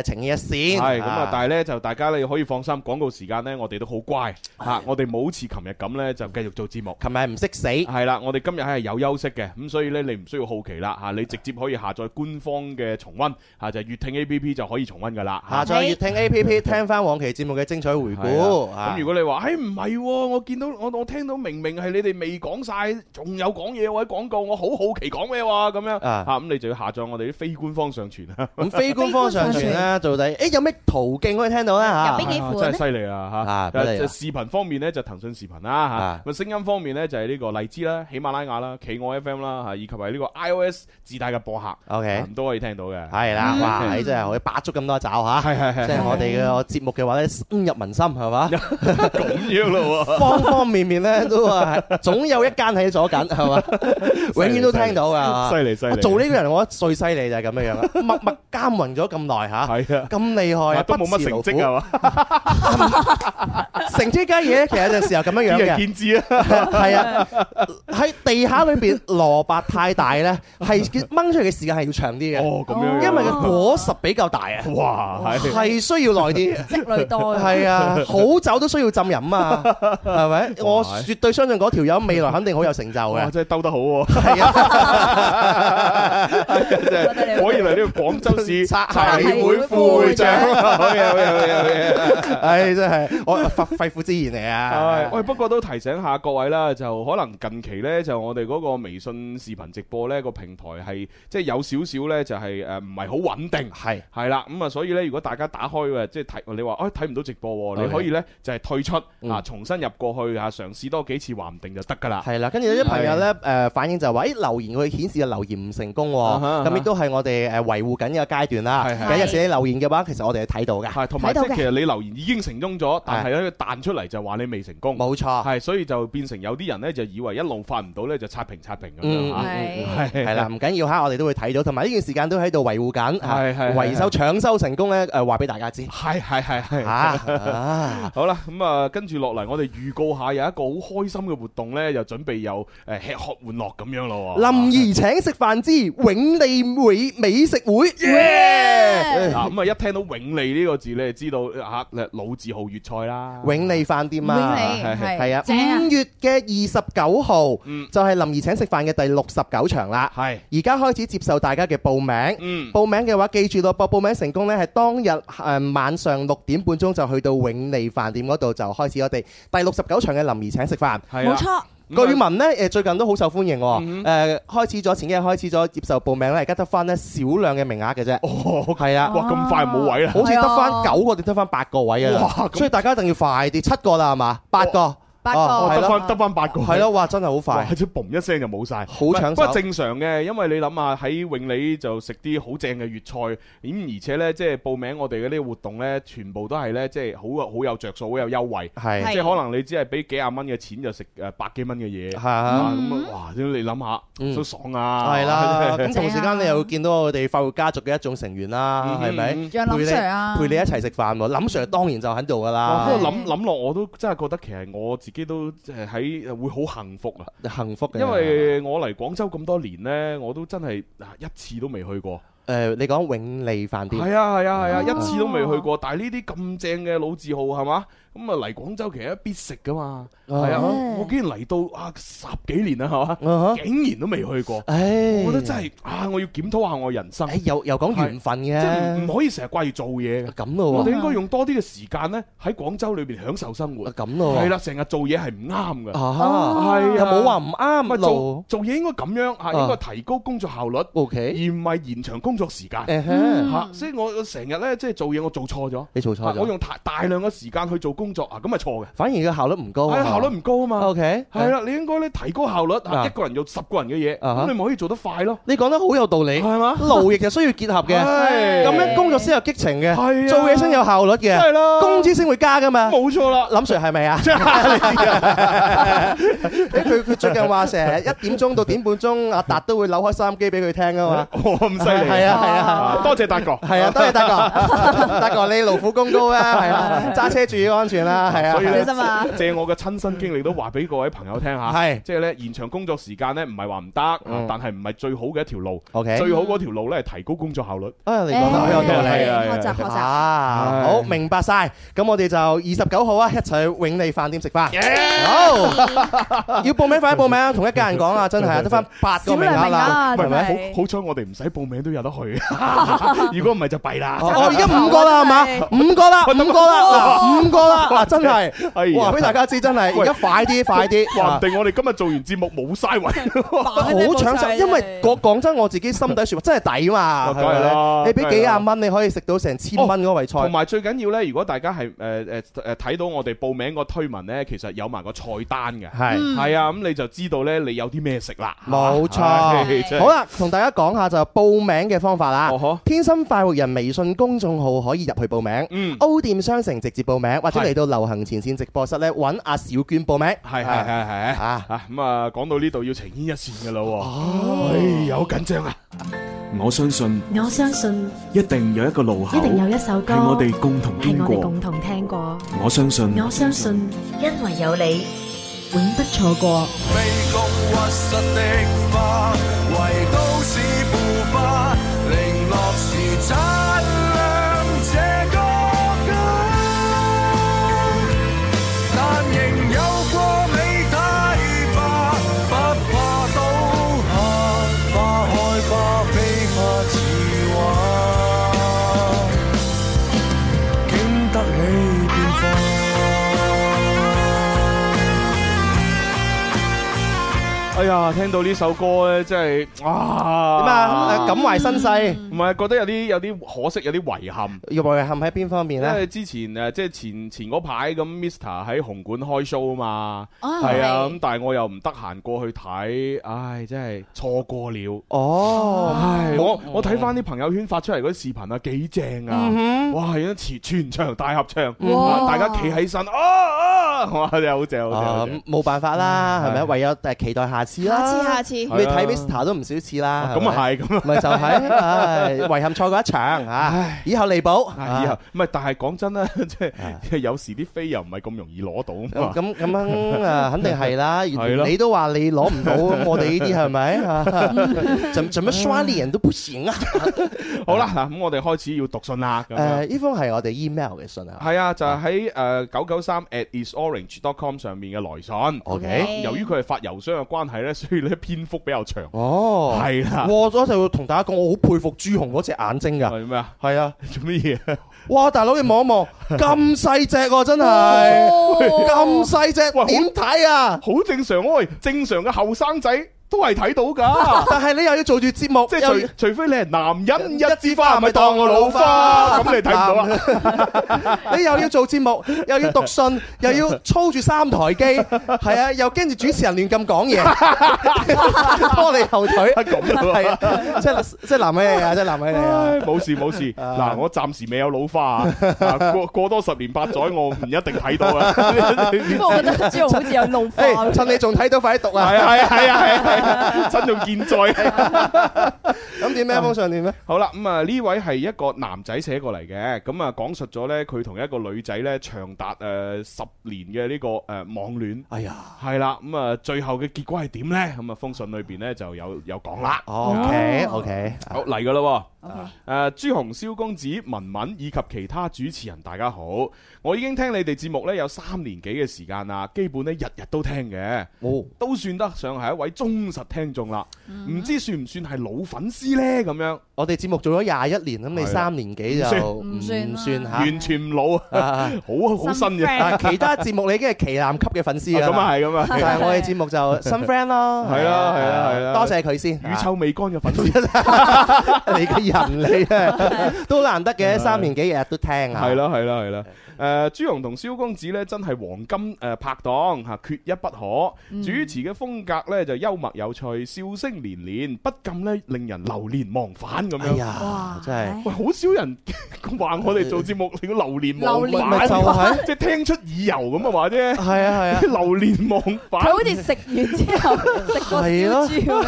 S1: 誒，晴天一線。係咁啊，但
S3: 係咧就大家咧可以放心，廣告時間咧我哋都好乖吓，我哋冇好似琴日咁咧就繼續做節目。琴日係唔識死，係啦，我哋今日係有休息嘅。咁所以咧你唔需要好奇啦吓，你直接可以下載官方嘅重温吓，就粵聽 A P P 就。可以重温噶啦，下載熱聽
S1: A P P 聽翻往期節目嘅精彩回顧。咁、啊嗯、如果
S3: 你話，唉唔係，我見到我我聽到明明係你哋未講晒，仲有講嘢或者廣告，我好好奇講咩喎咁樣嚇咁、啊啊嗯、你就要下載我哋啲非官方上傳啊。咁非官方上傳
S1: 咧到底，誒、欸、有咩途徑可以聽到咧嚇、啊？入邊幾款？真係犀利啊
S3: 嚇！誒、啊啊、視頻方面咧就是、騰訊視頻啦、啊、嚇，咪、啊啊啊、聲音方面咧就係、是、呢個荔枝啦、喜馬拉雅啦、企鵝 F M 啦、啊、嚇，以及係呢個 I O S 自帶嘅播客，OK、啊、都可以聽到嘅。
S1: 係啦、嗯啊，哇真係可以打咗咁多爪嚇，即係我哋嘅節目嘅話咧深入民心，係嘛？咁
S4: 樣
S3: 咯，方方
S1: 面面咧都啊，總有一間喺左近，係嘛？永遠都聽到噶，犀利犀利！做呢個人，我覺得最犀利就係咁樣樣，默默耕耘咗咁耐嚇，係啊，咁厲害啊，都冇乜成績係嘛？成績呢家嘢，其實有時候咁樣樣嘅，見
S4: 知啊，係啊，
S1: 喺地下裏邊蘿蔔太大咧，係掹出嚟嘅時間係要長啲嘅，哦，咁樣，因為個果實比較大。哇，係需要耐啲，積累多係啊，好酒都需要浸飲啊，係咪？我絕對相信嗰條友未來肯定好有成就嘅。真係兜得好，係啊！我以為呢個廣州市茶會副會長，有有有有。係真係，我發肺腑之言嚟啊！喂，不過都提
S3: 醒下各位啦，就可能近期咧，就我哋嗰個微信視頻直播咧個平台係即係有少少咧，就係誒唔係好穩定，係係啦。咁啊，所以咧，如果大家打開嘅，即係睇，你話，哎，睇唔到直播，你可以咧就係退出啊，重新入過去啊，嘗試多幾次，話唔定就得噶啦。係啦，跟住有啲朋友咧，
S1: 誒反應就係話，留言佢顯示嘅留言唔成功，咁亦都係我哋誒維護緊呢個階段啦。係係，有陣時你留言嘅話，其實我哋係睇到嘅同埋即係其實
S3: 你留言已經成功咗，但係咧彈出嚟就話你未成功。冇錯，係，所以就變成有啲人咧就以為一路發唔到咧就刷屏刷屏咁樣嚇。係係啦，唔
S1: 緊要嚇，我哋都會睇到，同埋呢段時間都喺度維護緊，係係維修長。享收成功咧，誒，話俾大家知，係係係係，吓，
S3: 好啦，咁啊，跟住落嚟，我哋預告下有一個好開心嘅活動咧，就準備有誒吃喝玩樂咁樣咯。林怡
S1: 請食飯之永利會美食會，嗱，
S3: 咁啊，一聽到永利呢個字，你係知道吓，誒，老字號粵菜啦，永利
S1: 飯店啊，係係啊，五月嘅二十九號，嗯，就係林怡請食飯嘅第六十九場啦，係，而家開始接受大家嘅報名，嗯，報名嘅話，記住咯，報報名。成功咧，係當日誒晚上六點半鐘就去到永利飯店嗰度，就開始我哋第六十九場嘅林兒請食飯。係冇、啊、錯。據聞咧誒，最近都好受歡迎喎。誒、嗯，呃、開始咗前幾日開始咗接受報名咧，而家得翻咧少量嘅名額嘅啫。哦，係啊，哇！咁快冇位啦，啊、好似得翻九個定得翻八個位啊。所以大家一定要快啲，七個啦係嘛，八個。八得翻得翻八個，係咯，哇！真係好快，好似嘣一聲就冇晒。好搶手。不過正
S3: 常嘅，因為你諗下喺永利就食啲好正嘅粵菜，咁而且咧即係報名我哋嘅呢個活動咧，全部都係咧即係好有好有着數，好有優惠，係即係可能你只係俾幾廿蚊嘅錢就
S1: 食誒百幾蚊嘅嘢，係咁哇！你諗下都爽啊，係啦。咁同時間你又會見到我哋發育家族嘅一眾成員啦，係咪？有林 sir 啊，陪你一齊食飯，林 sir 當然就喺度㗎啦。不過諗諗落我都真係覺得其實我自己，都即
S3: 係喺會好幸福啊！幸福嘅，因為我嚟廣州咁多年呢，我都真係
S1: 嗱一次都未去過。誒、呃，你講永利飯店係啊係啊
S3: 係啊，啊啊啊一次都未去過。啊、但係呢啲咁正嘅老字號係嘛？咁啊嚟廣州其實必食噶嘛，係啊！我竟然嚟到啊十幾年啦，係嘛，竟然都未去過，我覺得真係啊，我要檢討下我人生。又又講緣分嘅，即係唔可以成日掛住做嘢。咁咯我哋應該用多啲嘅時間咧喺廣州裏邊享受生活。咁咯，係啦，成日做嘢係唔啱嘅，係啊，冇話唔啱。做嘢應該咁樣啊，應該提高工作效率。O K.，而唔係延長工作時間。嚇，所以我成日咧即係做嘢，我做錯咗。
S1: 你做錯咗。我用
S3: 大量嘅時間去做工。工作啊，咁咪錯
S1: 嘅，反而個效率唔高啊，效率唔
S3: 高啊嘛，OK，係啦，你應該咧提高效率啊，一個
S1: 人做十個人嘅嘢，咁你咪可
S3: 以做得快咯。你講得好
S1: 有道理，係嘛，勞逸就需要結合嘅，咁樣工作先有激情嘅，做嘢先有效率嘅，係啦，工資先會加噶嘛，冇錯啦。林 Sir 係咪啊？佢佢最近話成一點鐘到點半鐘，阿達都會扭開收音機俾佢聽啊嘛。哦，咁犀利，係啊係啊，多謝達哥，係啊，多謝達哥，達哥你勞苦功高啊，係啊，揸車注意安全。啦，係啊，所以小心啊！借
S3: 我嘅親身經歷都話俾各位朋友聽下，係即係咧延長工作時間咧，唔係話唔得，但係唔係最好嘅一條路。O K，最好嗰條路咧係提高工作效率。啊，你講得好有道理，你
S1: 學習學習
S4: 好
S1: 明白晒，咁我哋就二十九號啊，一齊永利飯店食飯。好，要報名快啲報名，同一家人講啊，真係啊，得翻八個名額，係咪？好
S3: 彩，我哋唔使報名都有得去。如果唔係就弊啦。哦，而家五個啦，係嘛？五個啦，五個啦，五個啦。哇！真係，哇！俾大家知真係，而家快啲，快
S1: 啲！唔 定我哋今日做完節目冇晒位，好搶手。 因為講講真，我自己心底說話真係抵嘛。你俾幾廿蚊，你可以食到成千蚊嗰位菜，uh, 哦。同
S3: 埋最緊要呢，如果大家係誒誒睇到我哋報名個推文呢，其實有埋個菜單嘅。係係、嗯、啊，咁你就知道呢，你有啲咩食啦。冇錯。好啦，
S1: 同大家講下就報名嘅方法啦。天生快活人微信公眾號可以入去報名。嗯，歐店商城直接報名或者。嚟到流行前線直播室咧，搵阿小娟報名。係係
S3: 係係啊啊！咁啊，講到呢度要情牽一線噶啦，
S2: 唉，有緊
S1: 張
S3: 啊！我相信，我相信一定有一個路口，一定有
S2: 一首歌係我哋
S3: 共同聽過，係我哋共
S2: 同聽過。
S3: 我相信，我
S2: 相信因為有你，永不錯過。
S3: 呀，聽到呢首歌咧，真係啊點啊感懷身世，唔係覺得有啲有啲可惜，有啲遺憾。
S1: 要遺憾喺邊方面咧？因為
S3: 之前誒即係前前嗰排咁 Mr. 喺紅館開 show 啊嘛，係啊咁，但係我又唔得閒過去睇，唉，真係錯過
S2: 了。哦，我我睇翻
S3: 啲朋友圈發出嚟嗰啲視頻啊，幾正啊！哇，一全
S1: 場大合唱，大家企起身，啊啊，哇，好正好正，冇辦法啦，係咪？唯有誒期待下次。下次下次，你睇 Vista 都唔少次啦。咁啊係，咁啊，咪就係，遺憾錯過一場吓。以後彌補。以後，唔係但係
S3: 講真啦，即係有時啲飛又唔係咁容易攞到啊嘛。咁咁樣啊，肯定係
S1: 啦。係啦。你都話你攞唔到，我哋呢啲係咪？
S3: 怎怎麼刷臉都不行啊？好啦，嗱，咁我哋開始要讀信啦。
S1: 誒，呢封係我哋 email 嘅信啊。
S3: 係啊，就係喺誒九九三 at isorange.com 上面嘅來信。OK，由於佢係發郵箱嘅關係咧。所以咧，篇幅比較長。
S1: 哦，係啦的，過咗就會同大家講，我好佩服朱紅嗰隻眼睛噶。係咩啊？係啊的，做乜嘢？哇，大佬你望一望，咁細隻，真係咁細隻。哦、隻喂，點睇啊？
S3: 好正常、啊，喂，正常嘅後生仔。都係睇到噶，但係你又要做住節目，即係除
S1: 除非你係男人，一枝花唔係當我老花，咁你睇唔到啊。你又要做節目，又要讀信，又要操住三台機，係啊，又驚住主持人亂咁講嘢，拖你後腿咁樣啊！即係即
S3: 係難為咩啊？即係難為你啊！冇事冇事，嗱我暫時未有老花啊，過過多十年八載，我唔一定睇到啊。不過我覺得朱紅好似有老花，
S1: 趁你仲睇到快啲讀啊！係啊係啊係啊！
S3: 真仲健在、
S2: 嗯？咁點呢、嗯？封信呢？
S3: 好啦，咁啊呢位係一個男仔寫過嚟嘅，咁啊講述咗呢，佢同一個女仔呢，長達誒十年嘅呢個誒網戀。哎呀，係啦，咁啊最後嘅結果係點呢？咁啊封信裏邊呢，就有有講啦。哦、OK，OK，、okay, 啊 okay, 啊、好嚟噶啦。誒，朱紅、uh, uh, mm. so like，蕭公子、文文以及其他主持人，大家好！我已經聽你哋節目咧有三年幾嘅時間啦，基本咧日日都聽嘅，哦，都算得上係一位忠實聽眾啦。唔知算唔算係老粉絲
S1: 呢？咁樣，我哋節目做咗廿一年，咁你三年幾就唔算，完全唔老，好好新嘅。其他節目你已經係旗艦級嘅粉絲啊，咁啊係咁啊，但係我哋節目就新 friend 啦，係啦係啦係啦，多謝佢先，乳臭未乾嘅粉絲。你神嚟啊，都難得嘅三年幾日都聽啊！係啦係
S3: 啦係啦，誒朱容同蕭公子咧真係黃金誒拍檔嚇，缺一不可。主持嘅風格咧就幽默有趣，笑聲連連，不禁咧令人流連忘返咁樣。哇！真係好少人話我哋做節目要流
S1: 連忘返，即係聽出耳油咁啊話啫。係啊係啊，流連忘返。佢好似食完之後食個豬豬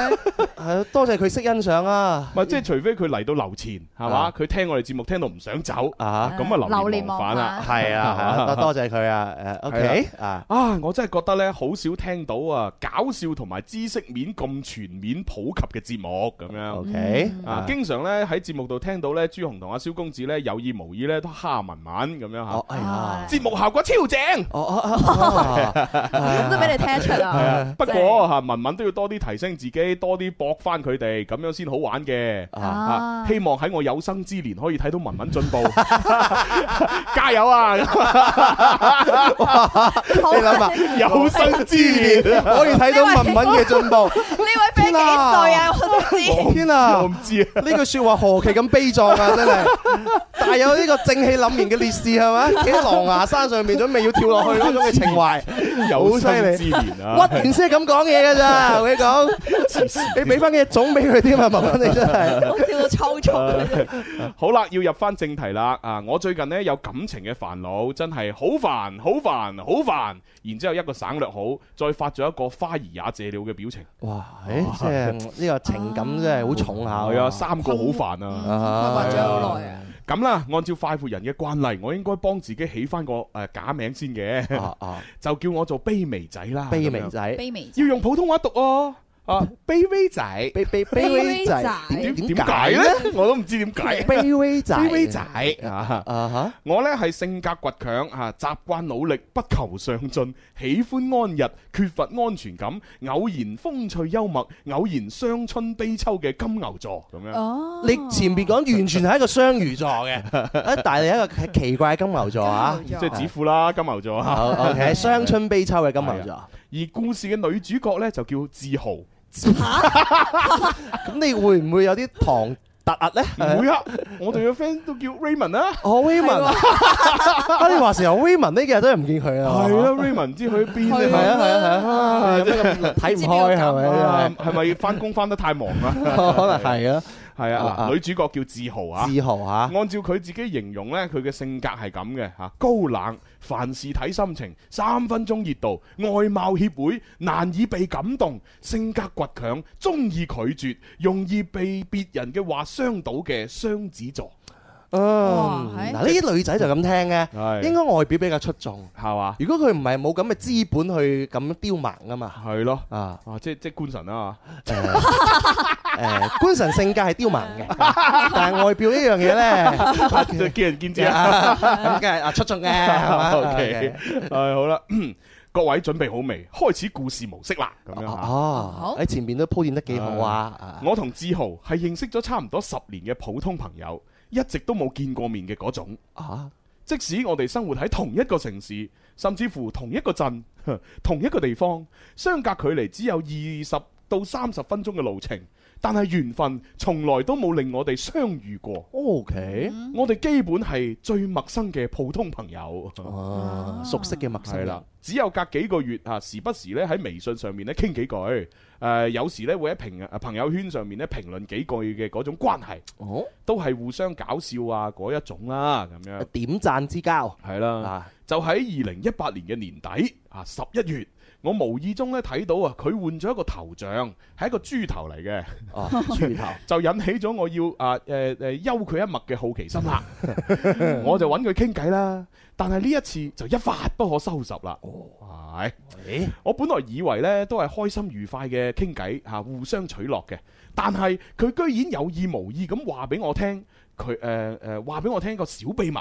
S1: 啊，多謝佢識欣賞啊！唔係即係除非佢
S3: 嚟。都留錢係嘛？佢聽我哋節目聽到唔想走啊！咁啊留連忘返啊！係啊！多謝佢啊！誒，O K 啊！啊，我真係覺得咧好少聽到啊搞笑同埋知識面咁全面普及嘅節目咁樣。O K 啊！經常咧喺節目度聽到咧朱紅同阿蕭公子咧有意無意咧都蝦文文咁樣吓，節目效果超正。咁都俾你聽出啦。啊，不過吓文文都要多啲提升自己，多啲搏翻佢哋，咁樣先好玩嘅。啊！希望喺我有生之年可以睇到文文進步，加
S1: 油啊！你諗下，有生之年可以睇到文文嘅進步。呢位 friend 幾啊？天啊！我唔知啊。呢句說話何其咁悲壯啊！真係。但係有呢個正氣凜然嘅烈士係咪？喺狼牙山上面準備要跳落去嗰種嘅情懷，好犀利。有生之年啊！屈完先咁講嘢噶咋？我同你講，你俾翻嘅種俾佢添啊！文文你真係。
S3: 好啦，要入翻正題啦！啊，我最近呢，有感情嘅煩惱，真係好煩，好煩，好煩。然之後一個省略號，再發咗一個花兒也謝了嘅表情。
S1: 哇！誒，呢個情感真係好重下。係
S3: 啊，啊啊三個好煩啊，咁啦、啊，按照快活人嘅慣例，我應該幫自己起翻個誒假名先嘅，啊啊、 就叫我做卑微仔啦。卑微仔，要用普通話讀哦、啊。啊，卑微仔，卑微仔，點點解咧？我都唔知點解。卑微仔，卑微仔，啊啊哈！我咧係性格倔強，啊習慣努力，不求上進，喜歡安逸，缺乏安全感，偶然風趣幽默，偶然傷春悲秋嘅金牛座咁樣。哦，你
S1: 前面講完全係一個雙魚座嘅，但係一個奇怪嘅金牛座啊，即係自負啦，金牛座。好，OK，傷春悲秋嘅金牛座。
S3: 而故事嘅女主角咧就叫志豪。咁 你會唔會有啲
S1: 唐突壓咧？唔會啊！
S3: 我哋嘅 friend 都叫 Raymond Ray 啊！哦 ，Raymond
S1: 是啊！你話時候 Raymond 呢幾日都係唔見佢啊！係啊 Raymond 知去邊咧？係啊係
S3: 啊係啊！睇唔開係咪？係咪翻工翻得太忙啊？可能係啊，係啊！嗱，女主角叫志豪啊！志豪啊！按照佢自己形容咧，佢嘅性格係咁嘅吓，高冷。凡事睇心情，三分鐘熱度，外貌協會難以被感動，性格倔強，中意拒絕，容易被別人嘅話傷到嘅雙子座。
S1: 嗯，嗱，呢啲女仔就咁聽嘅，應該外表比較出眾係嘛？如果佢唔係冇咁嘅資本去咁刁蠻啊嘛？係咯，啊，啊，即係即係官神啊嘛，誒，官神性格係刁蠻嘅，但係外表一樣嘢咧，見仁見智啊，咁梗係啊出眾嘅係嘛，OK，誒
S3: 好啦，各位準備好未？開始故事模式啦，咁樣啊，
S1: 喺前面都鋪墊得幾好啊，我同志豪係認識
S3: 咗差唔多十年嘅普通朋友。一直都冇見過面嘅嗰種啊！即使我哋生活喺同一個城市，甚至乎同一個鎮、同一個地方，相隔距離只有二十到三十分鐘嘅路程。但係緣分從來都冇令我哋相遇過。O Okay ? K，我哋基本係最陌生嘅普通
S1: 朋友，啊、 熟悉嘅陌生啦。
S3: 只有隔幾個月啊，時不時咧喺微信上面咧傾幾句。誒、呃，有時咧會喺評朋友圈上面咧評論幾句嘅嗰種關係，哦、都係互相搞笑啊嗰一種啦、啊。咁樣、啊、點讚之交係啦。就喺二零一八年嘅年底啊，十一月。我無意中咧睇到啊，佢換咗一個頭像，係一個豬頭嚟嘅，豬、啊、頭 就引起咗我要啊誒誒幽佢一默嘅好奇心啦。 我就揾佢傾偈啦，但係呢一次就一發不可收拾啦。哦，係是，欸、我本來以為呢都係開心愉快嘅傾偈吓，互相取樂嘅，但係佢居然有意無意咁話俾我聽，佢誒誒話俾我聽個小秘密。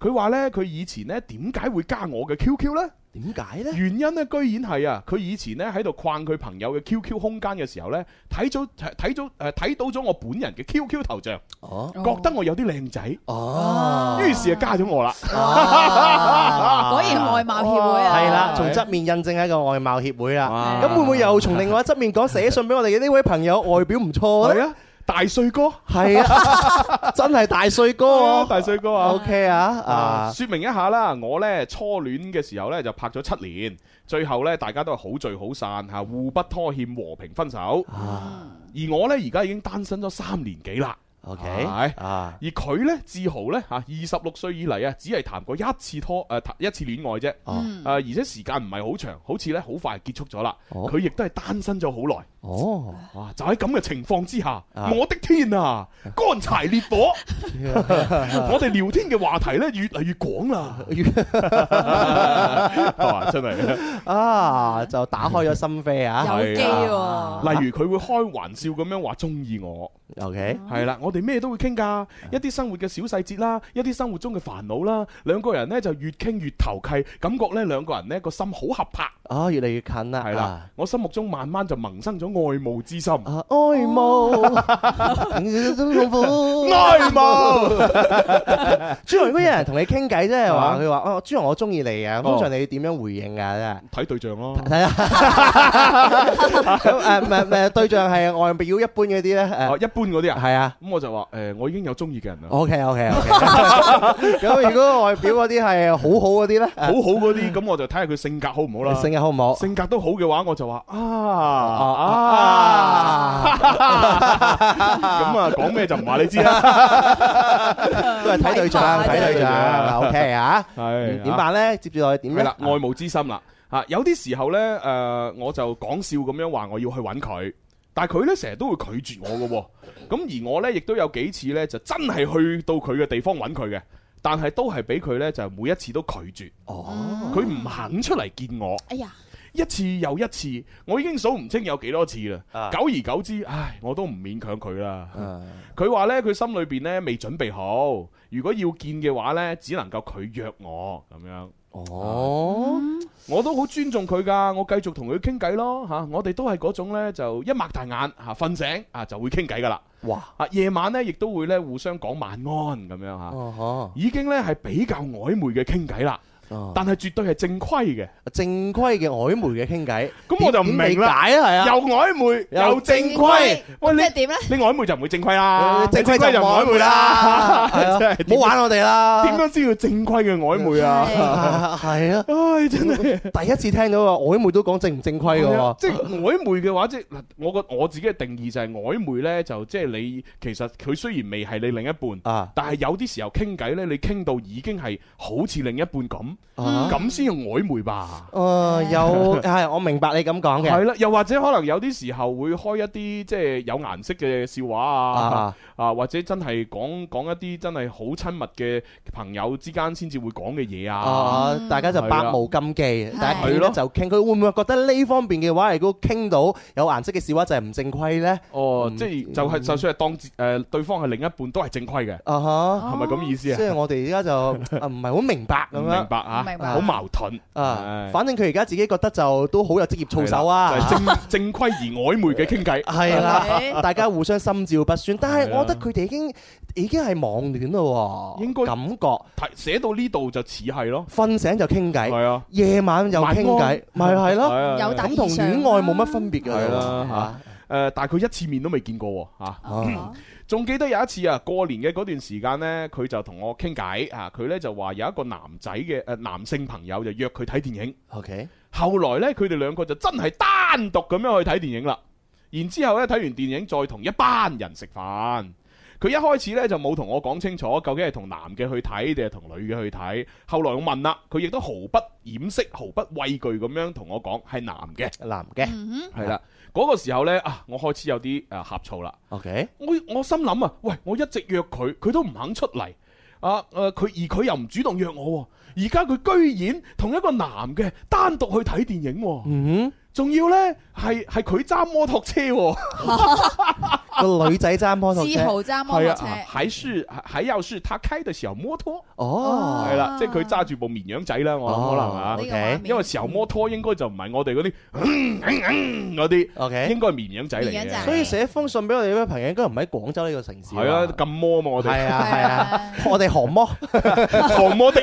S3: 佢話、嗯、呢，佢以前呢點解會加我嘅 QQ 呢？點解咧？呢原因咧，居然係啊，佢以前咧喺度逛佢朋友嘅 QQ 空間嘅時候呢，睇到睇到誒，睇到咗我本人嘅 QQ 頭像，
S1: 哦、啊，覺得我有啲靚仔，哦、啊，於是就加咗我啦。啊、 果然外貌協會啊，啊，係啦，從側面印證一個外貌協會啦。咁、啊、會唔會又從另外一側面講，寫信俾我哋嘅呢位朋友 外表唔錯啊！大帥哥係啊， 真係大帥哥，oh, 大帥哥啊，OK 啊，uh, uh,，啊，說
S3: 明一下啦，我呢，初戀嘅時候呢，就拍咗七年，最後呢，大家都係好聚好散吓，互不拖欠，和平分手，uh, 而我呢，而家已經單身咗三年幾啦。O K，係啊，而佢呢，自豪呢。吓，二十六歲以嚟啊，只係談過一次拖誒，一次戀愛啫。哦，而且時間唔係好長，好似呢，好快結束咗啦。佢亦都係單身咗好耐。
S4: 哦，
S3: 就喺咁嘅情況之下，我的天啊，乾柴烈火，我哋聊天嘅話題呢，越嚟越廣啦。真係啊，就打開咗心扉啊，有機例如佢會開玩笑咁樣話中意我。O K，係啦，我。我哋咩都會傾噶，一啲生活嘅小細節啦，一啲生活中嘅煩惱啦，兩個人咧就越傾越投契，感覺咧兩個人咧個心好合拍啊，越嚟越近啦。係啦，我心目中慢慢就萌生咗愛慕之心。愛慕，
S4: 愛慕。朱紅，如
S1: 果有人同你傾偈，即係話佢話哦，朱紅我中意你啊，通常你點樣回應噶？即係睇對象咯。睇啊。咁誒，唔係唔係，對象係外表一般嗰啲咧？哦，一般嗰啲啊，係啊。咁我。我就話誒，欸，我已經有中意嘅人啦。OK
S2: OK OK。 咁如果外表嗰啲
S3: 係好呢 好嗰啲咧，好好嗰啲咁，我就睇下佢性格好唔好啦。性格好唔好？性格都好嘅話，我就話啊啊。咁啊，講、啊、咩、啊、 就唔話你知啦。
S1: 都係睇對象，睇對象。OK 啊。係
S4: 是。
S3: 點辦咧？啊、接住落去點樣？係啦，愛慕之心啦。吓，有啲時候咧誒、呃，我就講笑咁樣話，我要去搵佢。但佢咧成日都會拒絕我嘅，咁而我呢，亦都有幾次呢，就真係去到佢嘅地方揾佢嘅，但係都係俾佢呢，就每一次都拒絕，佢唔、哦、肯出嚟見我，哎呀，一次又一次，我已經數唔清有幾多次啦。啊、久而久之，唉，我都唔勉強佢啦。佢、嗯、話、啊、呢，佢心裏邊呢，未準備好，如果要見嘅話呢，只能夠佢約我咁樣。哦、啊，我都好尊重佢噶，我繼續同佢傾偈咯吓、啊，我哋都係嗰種呢，就一擘大眼吓瞓、啊、醒啊就會傾偈噶啦，哇啊夜晚呢，亦都會呢互相講晚安咁樣吓，啊啊、哈已經呢係比較曖昧嘅傾偈啦。但係絕對係正規嘅，正規嘅曖昧嘅傾偈，咁我就唔明啦，係啊，又曖昧又正規，
S2: 喂，你點咧？
S3: 你曖昧就唔會正規啦，正規就唔曖昧啦，
S1: 真係，唔好玩我哋啦。點樣先叫正規嘅曖昧啊？係啊，唉，真係第一次聽到啊，曖昧都講正唔正規嘅
S3: 喎，即係曖昧嘅話，即係嗱，我嘅我自己嘅定義就係曖昧咧，就即係你其實佢雖然未係你另一半，啊，但係有啲時候傾偈咧，你傾到已經係好似另一半咁。咁先用曖昧吧。
S2: 誒，有係
S3: 我明白你咁講嘅。係啦，又或者可能有啲時候會開一啲即係有顏色嘅笑話啊，啊或者真係講講一啲真係好親密嘅朋友之間先至會講
S1: 嘅嘢啊。大家就百無禁忌，但係佢就傾。佢會唔會覺得呢方面嘅話，如果傾到有顏色嘅笑話就係唔正規呢？哦，即係就係就
S3: 算係當誒對方係另一半都係正規嘅。
S1: 啊係咪咁意思啊？即係我哋而家就唔係好明
S3: 白咁樣。啊，好矛盾啊！反正佢而
S1: 家自己覺得就都好有職業操守啊，正
S3: 正規而曖昧嘅傾偈，係啦，
S1: 大家互相心照不宣。但係我覺得佢哋已經已經係網戀咯，應該感覺寫到呢度就似係咯，瞓醒就傾偈，夜晚又傾偈，咪係咯，咁同戀愛冇乜分別㗎啦吓。誒，
S3: 但係佢一次面都未見過吓。仲記得有一次啊，過年嘅嗰段時間呢，佢就同我傾偈。啊，佢呢就話有一個男仔嘅誒男性朋友就約佢睇電影。OK，後來呢，佢哋兩個就真係單獨咁樣去睇電影啦。然之後呢，睇完電影再同一班人食飯。佢一開始呢就冇同我講清楚究竟係同男嘅去睇定係同女嘅去睇。後來我問啦，佢亦都毫不掩飾、毫不畏懼咁樣同我講係男嘅，男嘅，係啦。嗰個時候呢，啊，我開始有啲誒呷醋啦。ok，我我心諗啊，喂，我一直約佢，佢都唔肯出嚟。啊誒，佢，呃、而佢又唔主動約我，啊，而家佢居然同一個男嘅單獨去睇電影，啊，嗯、mm，仲、hmm？要呢，係係佢揸摩托車，啊。
S2: 個女仔揸摩托車，自豪揸摩托車，
S3: 還是，還要是，他開的小摩托。哦，係啦，即係佢揸住部綿羊仔啦，我諗可能啊，因為小摩托應該就唔係我哋嗰啲嗰啲，應該係綿羊仔嚟嘅。所以
S1: 寫封信俾我哋嘅朋友，應該唔喺廣州呢個城市。係啊，
S3: 禁摩嘛
S1: 我哋？係啊係啊，我哋航魔，航魔的，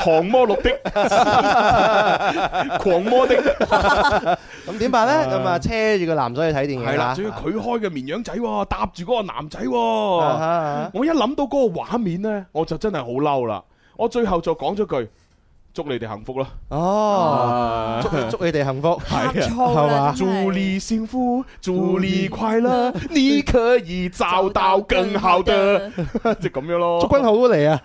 S3: 航魔綠的，狂魔的，咁
S1: 點辦咧？咁啊，車住個男仔去睇電影。係啦，主
S3: 要佢開嘅。綿羊仔搭住個男仔，uh huh, uh. 我一諗到嗰個畫面呢，我就真係好嬲！啦！我最後就講咗句，祝你哋幸福咯。哦、oh.，祝祝你哋幸福，係啊呵，係嘛對，祝你幸福，祝你快樂，你可以找到更好的，就咁樣咯。祝君好嚟啊！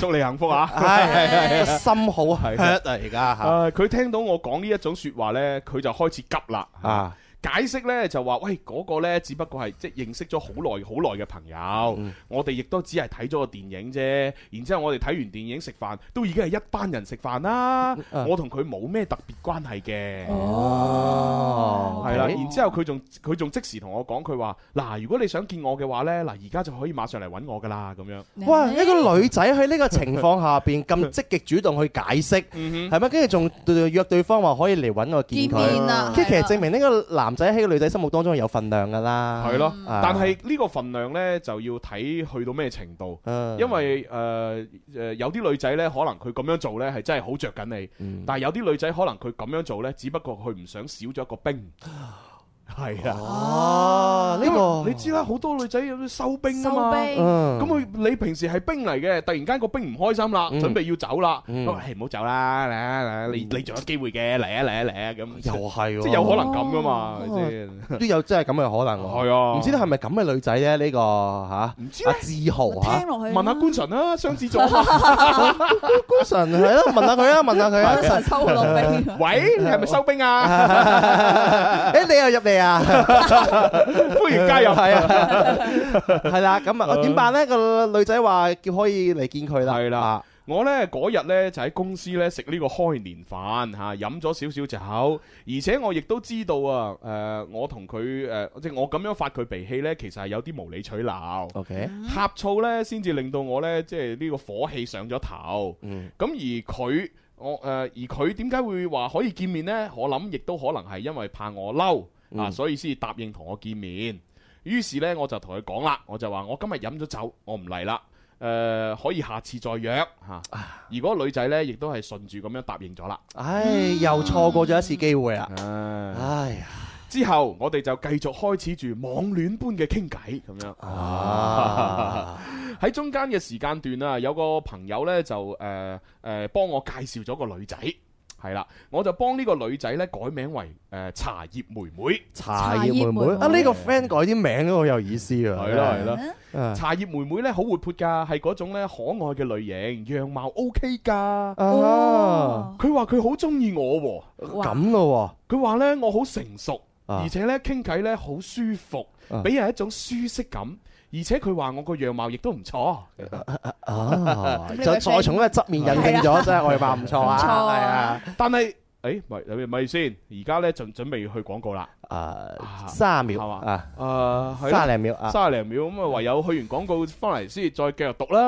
S3: 祝你幸福啊！係個心好係 的 啊，而家吓，佢聽到我講呢一種說話咧，佢就開始急啦啊！解釋呢就話，喂，嗰個呢只不過係即係認識咗好耐好耐嘅朋友，我哋亦都只係睇咗個電影啫。然之後我哋睇完電影食飯，都已經係一班人食飯啦。我同佢冇咩特別關係嘅，哦，係啦。然之後佢仲佢仲即時同我講，佢話嗱，如果你想見我嘅話呢，嗱而家就可以馬上嚟揾我噶啦咁樣。
S1: 哇！一個女仔喺呢個情況下邊咁積極主動去解釋，係咪？跟住仲約對方話可以嚟揾我見面。即其實證明呢個男。唔使喺個女仔心目當中有份量噶啦，係咯的。啊、但係
S3: 呢個份量呢，就要睇去到咩程度，啊、因為誒誒、呃、有啲女仔呢，可能佢咁樣做呢係真係好着緊你，嗯、但係有啲女仔可能佢咁樣做呢，只不過佢唔想少咗一個兵。啊係啊，哦，呢個你知啦，好多女仔有啲收兵啊嘛，咁佢你平時係兵嚟嘅，突然間個兵唔開心啦，準備要走啦，喂唔好走啦，嚟嚟，你你仲有機會嘅，嚟啊嚟啊嚟啊，咁又係即係有可能咁噶嘛，
S1: 先都有真係咁嘅可能，係啊，唔知係咪咁嘅女仔咧呢個吓，唔知阿志豪啊，聽
S4: 落去，
S3: 問下官純官臣啦，雙子座，
S1: 官臣係咯，問下佢啊，問下佢，官臣收我落兵，喂，你係咪收兵啊？誒，你又入嚟啊？啊！ 歡迎加入，係 啊，係啦。咁啊，點、 啊啊、辦呢？個、嗯、女仔話叫可以嚟見佢啦。係啦、啊，
S3: 啊、我呢嗰日呢，就喺公司呢食呢個開年飯吓，飲、啊、咗少少酒，而且我亦都知道啊。誒、呃，我同佢誒，即、呃、係我咁樣發佢脾氣呢，其實係有啲無理取鬧。O K，呷醋呢，先至令到我呢，即係呢個火氣上咗頭。嗯，咁而佢，我誒，而佢點解會話可以見面呢？我諗亦都可能係因為怕我嬲。啊，所以先至答應同我見面。於是呢，我就同佢講啦，我就話：我今日飲咗酒，我唔嚟啦。誒、呃，可以下次再約吓。如果女仔呢，亦都係順住咁樣答應咗啦。
S1: 唉，又錯過咗一次機會啊！唉，唉，
S3: 之後我哋就繼續開始住網戀般嘅傾偈咁樣。喺、啊啊、中間嘅時間段啦，有個朋友呢，就誒誒幫我介紹咗個女仔。係啦，我就幫呢個女仔咧改名為誒、呃、茶葉妹妹，茶葉妹妹，葉妹，妹啊呢、呢個 friend 改
S1: 啲名都好有意思啊！係咯係咯，
S3: 茶葉妹妹咧好活潑噶，係嗰種咧可愛嘅類型，樣貌 OK 噶。哦，佢話佢好中意我喎，
S1: 咁咯哇，
S3: 佢話咧我好成熟，啊、而且咧傾偈咧好舒服，俾、啊、人一種舒適感。而且佢話我個樣貌亦都唔錯，就再從一個側面印 證咗、啊、 真係外貌唔錯啊！錯、 啊，啊、但係誒，唔、欸、係，咪咪先？而家咧就準備去廣告啦。誒，卅秒係嘛？誒，卅零秒，卅零秒咁啊，唯有去完廣告翻嚟，先至再繼續讀啦。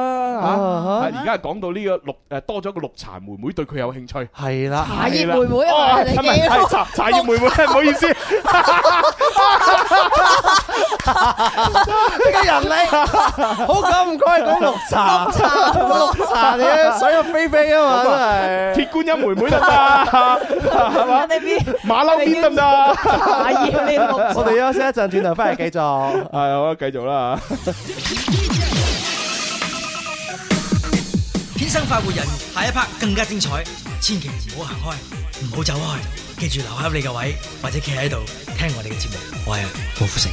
S3: 而家係講到呢個綠，誒，多咗個綠茶妹妹對佢有興趣。係啦，茶葉妹妹啊，茶茶葉妹妹，唔好意思，
S2: 呢個人力好咁唔該，
S3: 講
S1: 綠茶，綠茶你嘅水咁
S2: 飛飛啊嘛，真係。
S1: 鐵
S3: 觀音妹妹得唔得？馬騮邊得唔得？我哋休
S1: 息一陣，轉頭翻嚟繼續。係，好啦，繼續啦。
S2: 天生快活人，下一 part 更加精彩，千祈唔好行開，唔好走開，記住留喺你嘅位，或者企喺度聽我哋嘅節目。我係郭富城。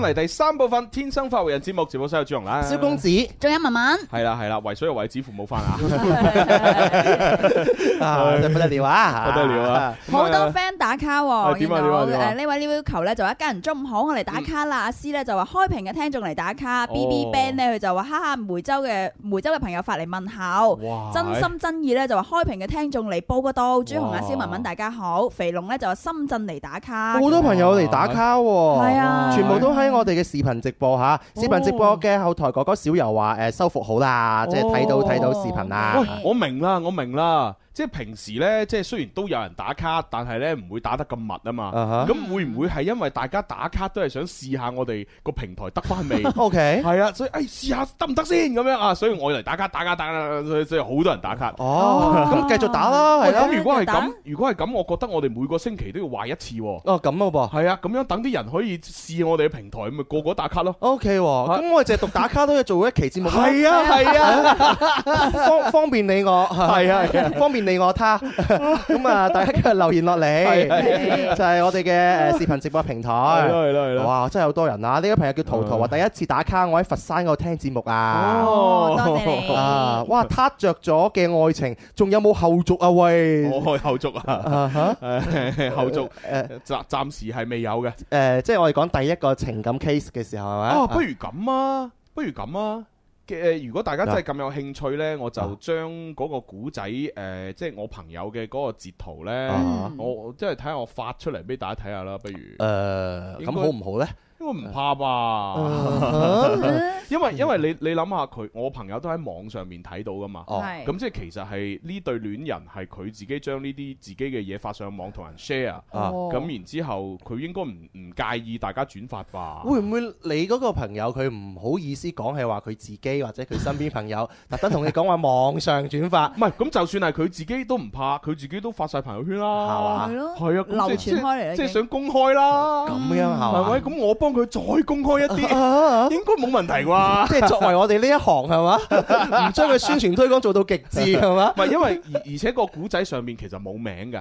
S3: 嚟第三部分《天生發圍人》節目，直播室有朱紅啦，蕭
S2: 公子，仲有文文，
S3: 係啦係啦，為所有位子父母翻啊，
S4: 不得了啊，不得了啊！
S3: 好多
S1: friend 打卡呢個誒呢位 new ball 球咧，就一家人中午好，我嚟打卡啦。阿師咧就話開屏嘅聽眾嚟打卡，BB band 咧佢就話哈哈梅州嘅梅州嘅朋友發嚟問候，真心真意咧就話開屏嘅
S2: 聽眾嚟報個到。朱紅啊，蕭文文大家好，肥龍咧就話深圳嚟打卡，好多朋友嚟打卡
S1: 喎，係啊，全部都係。聽我哋嘅視頻直播吓，視頻直播嘅後台哥哥小游話：誒、呃，修復好啦，即係睇到睇到視頻啦。
S3: 哦。我明啦，我明啦。即係平時呢，即係雖然都有人打卡，但係呢唔會打得咁密啊嘛。咁會唔會係因為大家打卡都係想試下我哋個平台得翻未
S1: ？O K，係啊，所以誒試
S3: 下得唔得先咁樣啊？所以我嚟打卡，打卡，打卡，所以好多人打卡。哦，咁繼續打啦。咁如果係咁，如果係咁，我覺得我哋每個星期都要壞一次喎。哦，咁好噃。係啊，咁樣等啲人可以試我哋嘅平台，咪個個打卡咯。O K，咁我哋淨係讀打卡都要做
S1: 一期節目。係啊，係啊，方便你我係啊，方便。你我他，咁啊、 嗯，大家留言落嚟， 的 就係我哋嘅誒視頻直播平台。係咯係咯係咯，哇，真係好多人啊！呢個朋友叫陶陶，話第一次打卡，我喺佛山嗰度聽節目啊。哦，多謝你。啊，哇，撻着咗嘅愛情，仲有冇後續啊？喂、哦，我開後續啊？吓， 後續
S3: 誒暫暫時係未有
S1: 嘅。誒、啊，即係我哋講第一個情感 case 嘅時候係咪？哦、啊，不如咁
S3: 啊，不如咁啊。如果大家真係咁有興趣呢，Yeah. 我就將嗰個古仔，誒、呃，即、就、係、是、我朋友嘅嗰個截圖呢，uh huh. 我即係睇下我發出嚟俾大家睇下啦，不如，誒，咁好唔好呢？因為唔怕吧 因，因為因為你你諗下佢，我朋友都喺網上面睇到噶嘛，咁、哦、即係其實係呢對戀人係佢自己將呢啲自己嘅嘢發上網同人 share，咁、哦、然之後佢應該
S1: 唔唔介意大家轉發吧？會唔會你嗰個朋友佢唔好意思講係話佢自己或者佢身邊朋友 特登同你講話網上轉發？ 唔係，咁就算係佢自己都唔怕，佢自己都發晒朋友圈啦，係嘛、啊吧？係啊，即係流傳開嚟，即係想公開啦，咁、嗯、樣嚇，係咪？
S3: 咁我幫佢再公開一啲，應該冇問題
S1: 啩？即係作為我哋呢一行係嘛，唔將佢宣傳推廣做到極致係嘛？唔係，因為
S3: 而且個古仔上面其實冇名㗎，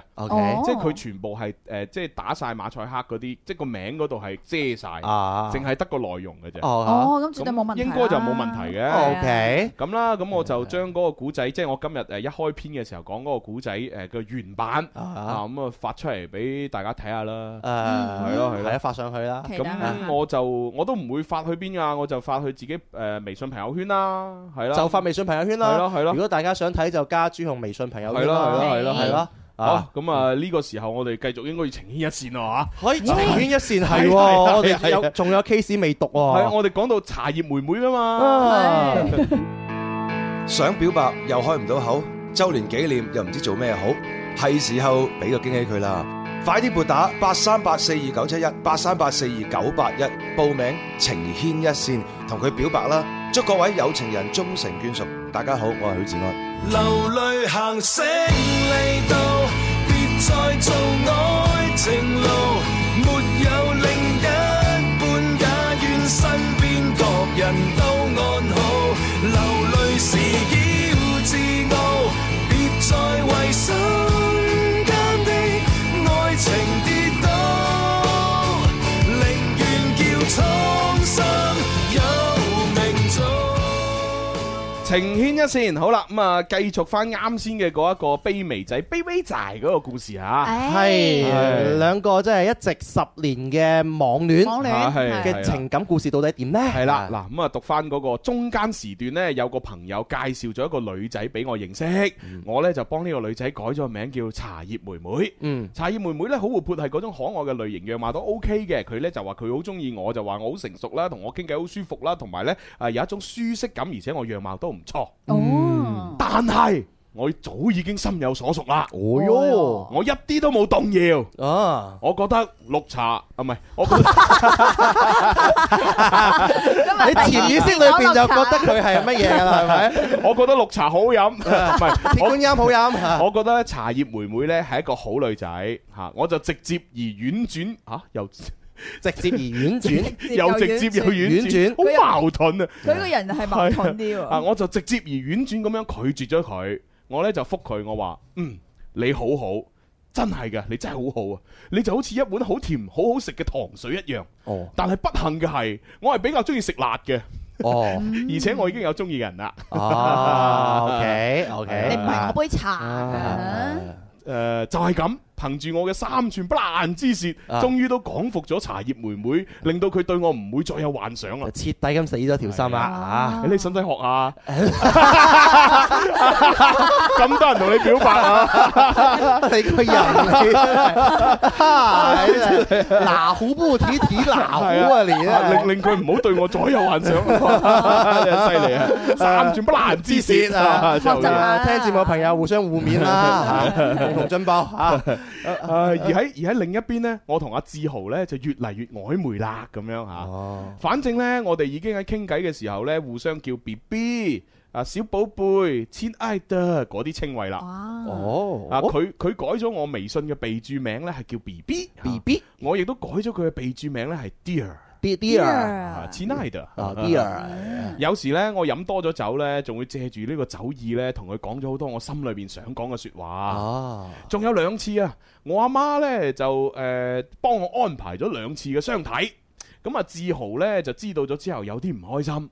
S3: 即係佢全部係誒，即係打晒馬賽克嗰啲，即係個名嗰度係遮晒，淨係得個內容嘅啫。哦，咁絕對冇問題，應該就冇問題嘅。OK，咁啦，咁我就將嗰個古仔，即係我今日誒一開篇嘅時候講嗰個古仔誒個原版啊，咁啊發出嚟俾大家睇下啦。誒，係咯，係啦，發上去啦。我就我都唔會發去邊噶我就發去自己誒微信朋
S1: 友圈啦，係啦，就發微信朋友圈啦，係咯係咯。如果大家想睇就加朱紅微信朋友圈。係啦係啦係啦係啦。啊，
S3: 咁啊呢個時候我哋繼續應該要情牽一線啊，吓，可以情牽一線，係我哋有
S1: 仲有 case 未讀啊。係我哋講到茶葉妹妹啊嘛，
S2: 想表白又開唔到口，周年紀念又唔知做咩好，係時候俾個驚喜佢啦。快啲撥打八三八四二九七一
S1: 八三八四二九八一報名情牽一線，同佢表白啦！祝各位有情人終成眷屬。大家好，我係許志安。
S2: 流淚行勝利道，別再做愛情奴。
S3: 晴天一線，好啦咁啊，繼續翻啱先嘅嗰一個卑微仔、卑微仔嗰個故事嚇，係
S1: 兩個真係一直十年嘅網戀，網戀嘅情感故事到底點呢？係啦，嗱
S3: 咁啊，讀翻嗰個中間時段呢，有個朋友介紹咗一個女仔俾我認識，我呢就幫呢個女仔改咗名叫茶葉妹妹。嗯，茶葉妹妹呢好活潑，係嗰種可愛嘅類型，樣貌都 OK 嘅。佢呢就話佢好中意我，就話我好成熟啦，同我傾偈好舒服啦，同埋呢啊有一種舒適感，而且我樣貌都～唔錯，嗯、但係我早已經心有所屬啦。哦喲、哎呦，我一啲都冇動搖。啊，我覺得綠茶啊，唔係，我覺得 你潛意識裏邊就覺得佢係乜嘢噶啦，係咪綠？ 我覺得綠茶好飲，唔係鐵觀音好飲。 我覺得茶葉妹妹呢係一個好女仔吓，我就直接而婉轉啊又。直接而婉轉， 直接又婉轉，又直接又婉轉，婉轉？好矛盾啊！佢個人係矛盾啲喎。啊，我就直接而婉轉咁樣拒絕咗佢。我呢就覆佢，我話：嗯，你好好，真係噶，你真係好好啊！你就好似一碗好甜好好食嘅糖水一樣。哦。但係不幸嘅係，我係比較中意食辣嘅。哦。 而且我已經有中意嘅人啦。O K O K。Okay, okay, 你唔係我杯茶啊？誒、啊啊啊，就係咁。憑住我嘅三寸不爛之舌，終於都講服咗茶葉妹妹，令到佢對我唔會再有幻想啊！徹底咁死咗條心啦！你使唔使學下？咁多人同你表白，你個人，
S4: 哪
S3: 壺
S1: 不提提哪壺啊！
S2: 你！令令
S1: 佢唔好對我再有
S2: 幻想，犀利啊！三寸不爛之舌啊！聽節
S1: 目朋友互相互勉啦，共同進步啊！誒、uh, uh, uh,，而喺而
S3: 喺另一邊呢，我同阿志豪呢就越嚟越曖昧啦，咁樣吓。哦、反正呢，我哋已經喺傾偈嘅時候呢，互相叫 B B，啊小寶貝、親愛的嗰啲稱謂啦。哦，啊佢佢改咗我微信嘅備注名呢係叫 B B B B，我亦都改咗佢嘅備注名呢係 Dear。Dear，親愛的，Dear，De、er, uh, 有時呢，我飲多咗酒呢，仲會借住呢個酒意呢，同佢講咗好多我心裏邊想講嘅說話。哦，仲有兩次啊，我阿媽呢，就誒幫、uh, 我安排咗兩次嘅相睇。咁啊、嗯，志、嗯、豪呢，就知道咗之後有啲唔開心。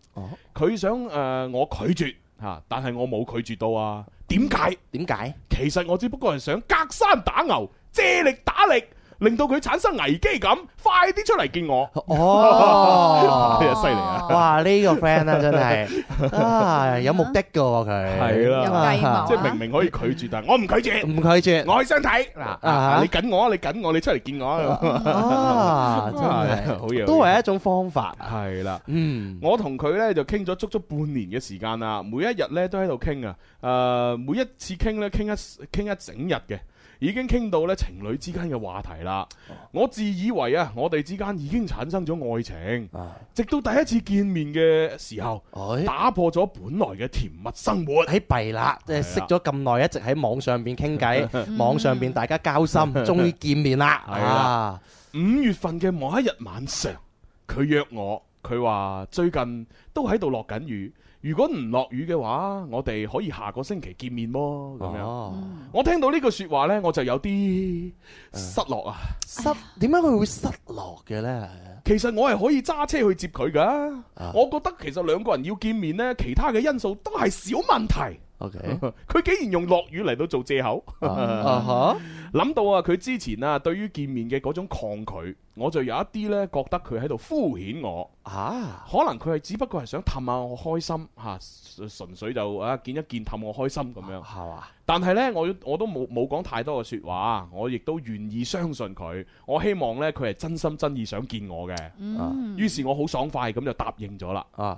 S3: 佢、哦、想誒、uh, 我拒絕吓、啊，但係我冇拒絕到啊。點解？點解？其實我只不過係想隔山打牛，借力打力。令到佢產生危機感，快啲出嚟見我！哦，犀利啊！哇，
S1: 呢個 friend 啊，真係有目的㗎佢，係啦，即係
S3: 明明可以拒絕，但係我唔拒絕，唔拒絕，我去相睇。
S1: 嗱，你
S3: 緊我，你緊我，你出嚟見我啊！真係好嘢，都係一種方法。係啦，嗯，我同佢咧就傾咗足足半年嘅時間啦，每一日咧都喺度傾啊，誒，每一次傾咧傾一傾一整日嘅。已經傾到咧情侶之間嘅話題啦，哦、我自以為啊，我哋之間已經產生咗愛情，唉直到第一次見面嘅時候，唉打
S1: 破咗本來嘅甜蜜生活。喺弊啦，即係、啊、識咗咁耐，一直喺網上邊傾偈， 網上邊大家交心，終於 見面啦。啊啊、
S3: 五月份嘅某一日晚上，佢約我，佢話最近都喺度落緊雨。如果唔落雨嘅話，我哋可以下個星期見面喎。咁樣，啊、我聽到呢句說話呢，我就有啲失落啊。失？點解佢
S1: 會失
S2: 落嘅呢？
S3: 其實我係可以揸車去接佢噶。啊、我覺得其實兩個人要見面呢，其他嘅因素都係小問題。佢 Okay. 竟然用落雨嚟到做借口，諗、 uh huh. 到啊，佢之前啊，對於見面嘅嗰種抗拒，我就有一啲呢覺得佢喺度敷衍我，吓、uh, 可能佢係只不過係想氹下我開心吓、啊，純粹就啊見一見氹我開心咁樣。係、uh huh. 但係呢，我我都冇冇講太多嘅說話，我亦都願意相信佢，我希望呢，佢係真心真意想見我嘅。嗯、uh，huh. 於是我好爽快咁就答應咗啦。啊、uh。Huh.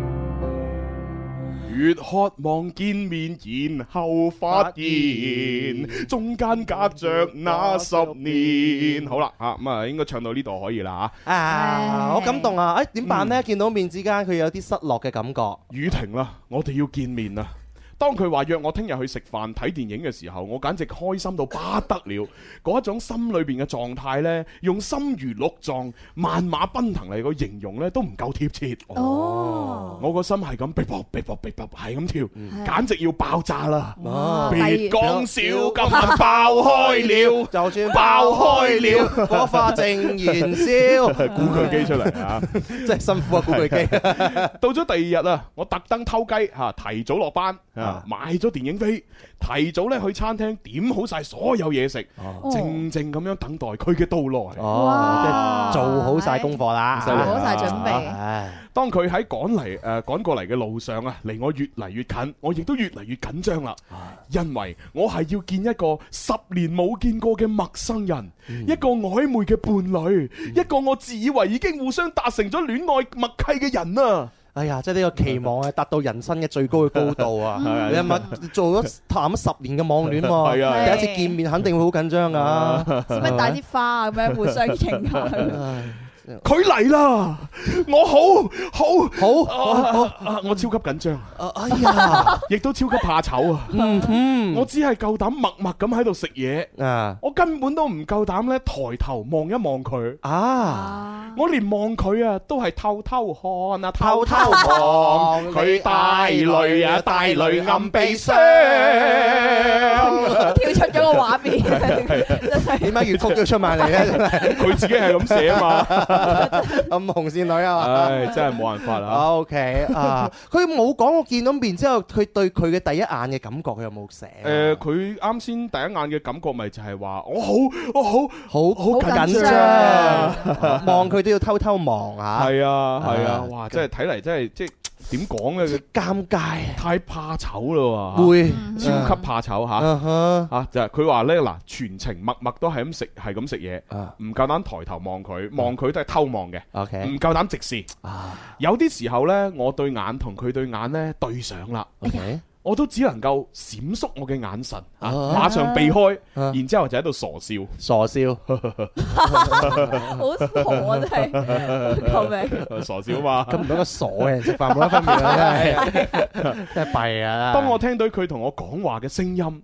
S2: 越渴望
S3: 見面，然後發現，發現中間隔着那十年。現好啦，吓咁啊，應該唱到呢度可以啦
S1: 吓。啊，啊，好感動啊！哎，點辦呢？嗯、見到面之間，佢有啲失落嘅感覺。雨停啦，我哋要見面啦。
S3: 當佢話約我聽日去食飯睇電影嘅時候，我簡直開心到不得了。嗰一 種心裏邊嘅狀態咧，用心如鹿撞萬馬奔騰嚟個形容咧都唔夠貼切。哦，喔、我個心係咁，啵啵啵啵啵係咁跳，嗯、簡直要爆炸啦！別講笑，今晚爆開了，
S1: 就算爆開了，火花正燃燒。古巨 基出嚟啊！
S3: 真係辛苦啊，古巨基。 到咗第二日啊，我特登偷雞嚇，提早落班 買咗電影飛，提早咧去餐廳點好晒所有嘢食，靜靜咁樣等待佢嘅到來，做好晒功課啦，做好晒準備。當佢喺趕嚟誒，趕過嚟嘅路上啊，離我越嚟越近，我亦都越嚟越緊張啦，啊、因為我係要見一個十年冇見過嘅陌生人，嗯、一個曖昧嘅伴侶，嗯、一個我自以為已經互相達成咗
S1: 戀愛默契嘅人啊！哎呀！即係呢個期望啊，達到人生嘅最高嘅高度啊！你係咪做咗談咗十年嘅網戀喎， 啊、第一次見面肯定會好緊張噶、啊，使唔使帶啲
S3: 花啊？咁樣
S1: 啊、互相傾下。 佢嚟
S4: 啦！
S3: 我好好好，我超級緊張。哎呀，亦都超級怕醜啊！嗯嗯，我只係夠膽默默咁喺度食嘢啊！我根本都唔夠膽咧，抬頭望一望佢啊！我連望佢啊，都係偷偷看啊，偷偷望佢帶淚啊，帶淚
S1: 暗悲傷。跳出咗個畫面，點解要突咗出埋嚟咧？佢自己係咁寫啊嘛。咁 紅線女啊，唉、哎，真係冇辦法啦。O K 啊，佢冇講，我見到面之後，佢對佢嘅第一眼嘅感覺，佢有冇寫？
S3: 誒、呃，佢啱先第一眼嘅感覺咪就係話，我好
S1: 我好好好緊張，望佢都要偷偷望啊。係
S3: 啊係啊，哇，即係睇嚟，即係即。點講呢？尷尬，
S1: 太怕醜
S3: 咯，會累超級怕醜吓，吓就係佢話呢，嗱，全程默默都係咁食，係咁食嘢，唔夠膽抬頭望佢，望佢、嗯、都係偷望嘅，唔夠膽直視。啊、有啲時候呢，我對眼同佢對眼呢，對上啦。Okay? 我都只能夠閃縮我嘅眼神，啊，馬上避開，然之後就喺度傻笑，
S2: 啊啊啊，傻笑， 好傻啊真係，救命！傻笑嘛，咁唔通個傻嘅人食飯冇得分別啦，真係弊啊！
S1: 當我
S3: 聽到佢同我講話嘅聲音。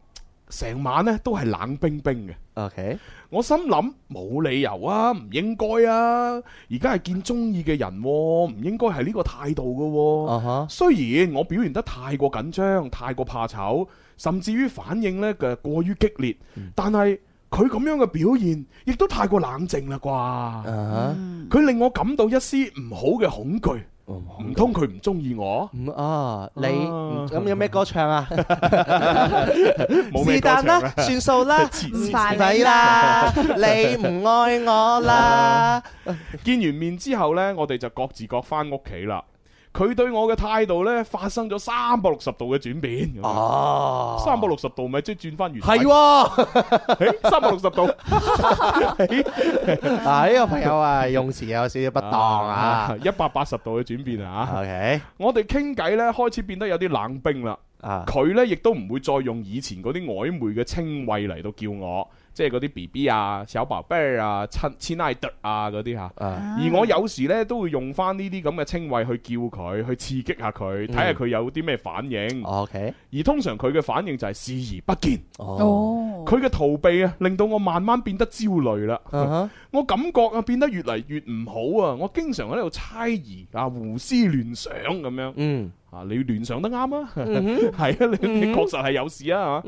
S3: 成晚咧都係冷冰冰嘅。OK，我心諗冇理由啊，唔應該啊。而家係見中意嘅人、啊，唔應該係呢個態度噶、啊。啊哈、uh。Huh. 雖然我表現得太過緊張，太過怕醜，甚至於反應咧嘅過於激烈，uh huh. 但係佢咁樣嘅表現，亦都太過冷靜啦啩。佢、uh huh. 嗯、令我感到一絲唔好嘅恐懼。唔通佢唔中意我？哦、啊，你咁、啊、有
S1: 咩歌唱啊？
S3: 是但啦， 算數啦，唔煩 你啦，
S1: 你唔愛我啦！
S3: 見完面之後呢，我哋就各自各翻屋企啦。佢對我嘅態度呢，發生咗三百六十度嘅轉變。哦，三百六十度咪即係轉翻原？係三
S1: 百六十度。嗱、 啊，呢、呢個朋友啊，用詞有少少不當啊。一百八十度嘅轉
S3: 變啊，OK，我哋傾偈呢，開始變得有啲冷冰啦。啊，佢呢，亦都唔會再用以前嗰啲曖昧嘅稱謂嚟到叫我。即係嗰啲 B B 啊、小寶貝啊、親千愛德啊嗰啲吓，而我有時呢都會用翻呢啲咁嘅稱謂去叫佢，去刺激下佢，睇下佢有啲咩反應。O K，mm. 而通常佢嘅反應就係視而不見。哦，佢嘅、oh. 逃避啊，令到我慢慢變得焦慮啦。 我感覺啊，變得越嚟越唔好啊。我經常喺度猜疑啊，胡思亂想咁樣。嗯，啊，你聯想得啱啊，係 啊 對 sein， 你確實係有事啊，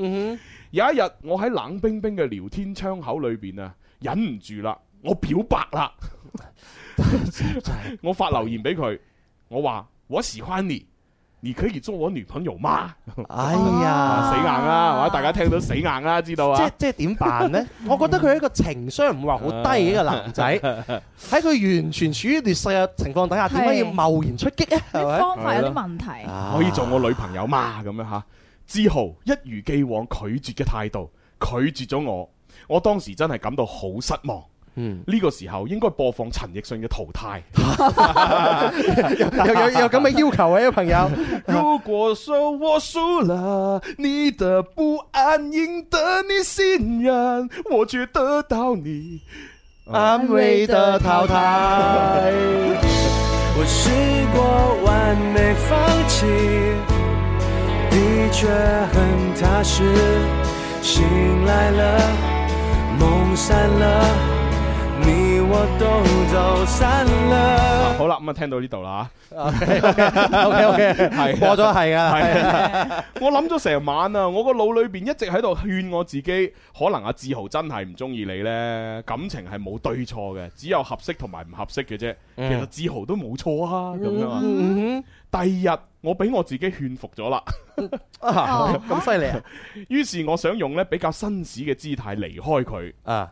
S3: 有一日，我喺冷冰冰嘅聊天窗口裏邊啊，忍唔住啦，我表白啦， 我發留言俾佢，我話我喜歡你，你可以做我女朋友嗎？
S2: 哎呀，啊、死
S3: 硬啦，啊、大家聽到死硬啦，知道啊？即係即係點辦咧？
S1: 我覺得佢係一個情商唔會話好低嘅男仔，喺佢完全處於劣勢嘅情況底下，點解是要貿然出擊？
S3: 啲的的方法有啲問題，可以做我女朋友嘛？咁樣吓？ 志豪一如既往拒絕嘅態度，拒絕咗我，我當時真係感到好失望。嗯、呢個時候應該播放陳奕迅嘅《淘汰。》 有有有咁嘅
S1: 要求嘅、啊這個、朋友，
S3: 如果說我輸了，你的不安贏得你信任，我卻得到你
S2: 安慰的淘汰。 我試過完美放棄。 你很踏好啦咁啊，聽到呢度啦吓。OK OK OK OK，過咗係噶。
S3: 我諗咗成晚啊，我個腦裏邊一直喺度勸我自己，可能阿志豪真係唔中意你咧。感情係冇對錯嘅，只有合適同埋唔合適嘅啫。其實志豪都冇錯啊，咁、mm hmm. 樣啊。Mm hmm. 第二日，我俾我自己勸服咗啦，咁犀利啊！ 於是我想用咧比較紳士嘅姿態離開佢，啊、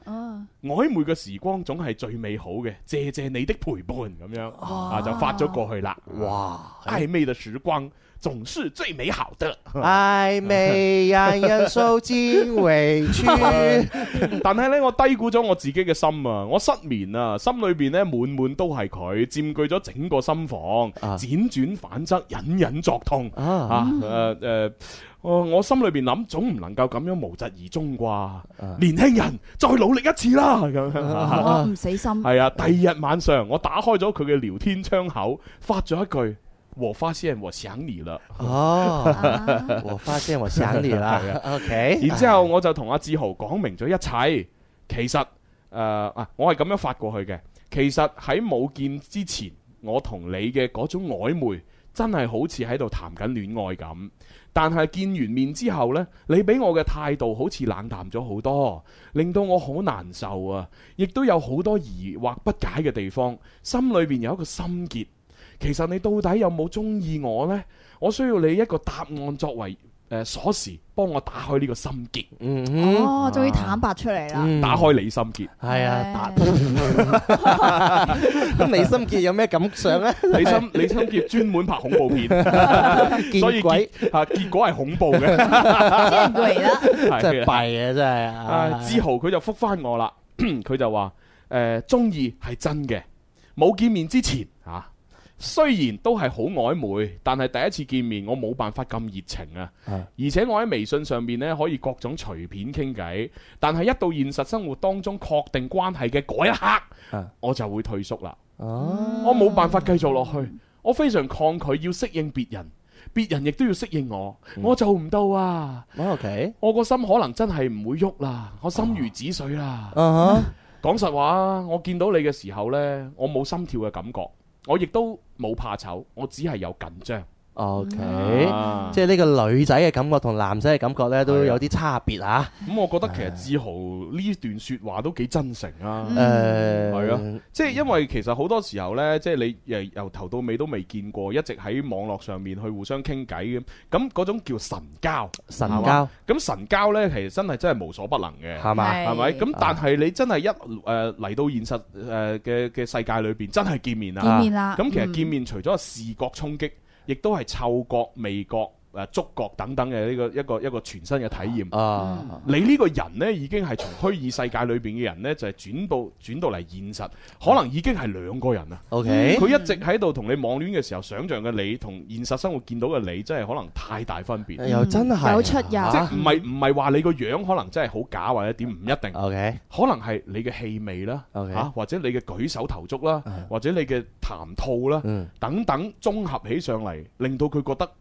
S3: 曖昧嘅時光總係最美好嘅，謝謝你的陪伴，咁樣哇啊，就發咗過去啦。哇，曖昧嘅曙光。總是最美好的，
S1: 曖昧人，人受盡委屈。
S3: 但係咧，我低估咗我自己嘅心啊！我失眠啊，心裏邊咧滿滿都係佢，佔據咗整個心房，輾轉、啊、反側，隱隱作痛啊！誒誒，我心裏邊諗，總唔能夠咁樣無疾而終啩？啊、年輕人，再努力一次啦！咁 樣、啊，唔死心。係啊，第二日晚上，我打開咗佢嘅聊天窗口，發咗一句。我發現我想你了哦、 啊，我發現我想你啦。 對 OK，然之後我就同阿志豪講明咗一切。其實誒啊、呃，我係咁樣發過去嘅。其實喺冇見之前，我同你嘅嗰種曖昧，真係好似喺度談緊戀愛咁。但係見完面之後呢，你俾我嘅態度好似冷淡咗好多，令到我好難受啊！亦都有好多疑惑不解嘅地方，心裏邊有一個心結。其實你到底有冇中意我呢？我需要你一個答案作為誒、鎖、呃、匙，幫我打開呢個心結。哦，終於、啊、坦白出嚟啦，打開李心結係啊。咁、哎、
S1: 李心杰有咩感想呢？李心李心杰專門拍恐怖片，所以鬼，吓、啊、結果係恐怖嘅。鬼真係弊啊！真
S3: 係。啊、志豪佢就覆返我啦，佢就話誒中意係真嘅，冇見面之前啊。雖然都係好曖昧，但係第一次見面我冇辦法咁熱情啊！啊，而且我喺微信上面呢，可以各種隨便傾偈，但係一到現實生活當中確定關係嘅嗰一刻，啊、我就會退縮啦。啊、我冇辦法繼續落去，我非常抗拒要適應別人，別人亦都要適應我，嗯、我做唔到啊！啊 okay? 我個心可能真係唔會喐啦，我心如止水啦。講、啊 uh huh. 實話我見到你嘅時候呢，我冇心跳嘅感覺。我亦都冇怕醜，我只係有緊張。
S1: O、okay, K，啊、即係呢個女仔嘅感覺同男仔嘅感覺咧都有啲差別吓。
S3: 咁我覺得其實志豪呢段說話都幾真誠啊。
S2: 誒、啊，係咯、嗯嗯嗯啊，
S3: 即係因為其實好多時候呢，即係你誒由頭到尾都未見過，一直喺網絡上面去互相傾偈咁，嗰種叫神交，神交。咁神交呢，其實真係真係無所不能嘅，係咪？係咪？咁但係你真係一誒嚟到現實誒嘅嘅世界裏邊，真係見面啦。見面啦。咁、嗯、其實見面除咗視覺衝擊。亦都係嗅覺、味覺。誒、啊，觸覺等等嘅呢個一個一個、一個全新嘅體驗。啊，你呢個人呢，已經係從虛擬世界裏邊嘅人呢，就係、是、轉到轉到嚟現實，可能已經係兩個人啦。O K，佢一直喺度同你網戀嘅時候，想象嘅你同現實生活見到嘅你，真係可能太大分別。嗯、又真係有出入，嗯啊、即唔係唔係話你個樣可能真係好假或者點？唔一定。O Okay ? K，可能係你嘅氣味啦，嚇 Okay?，或者你嘅舉手投足啦，或者你嘅談吐啦，等等綜合起上嚟，令到佢覺得。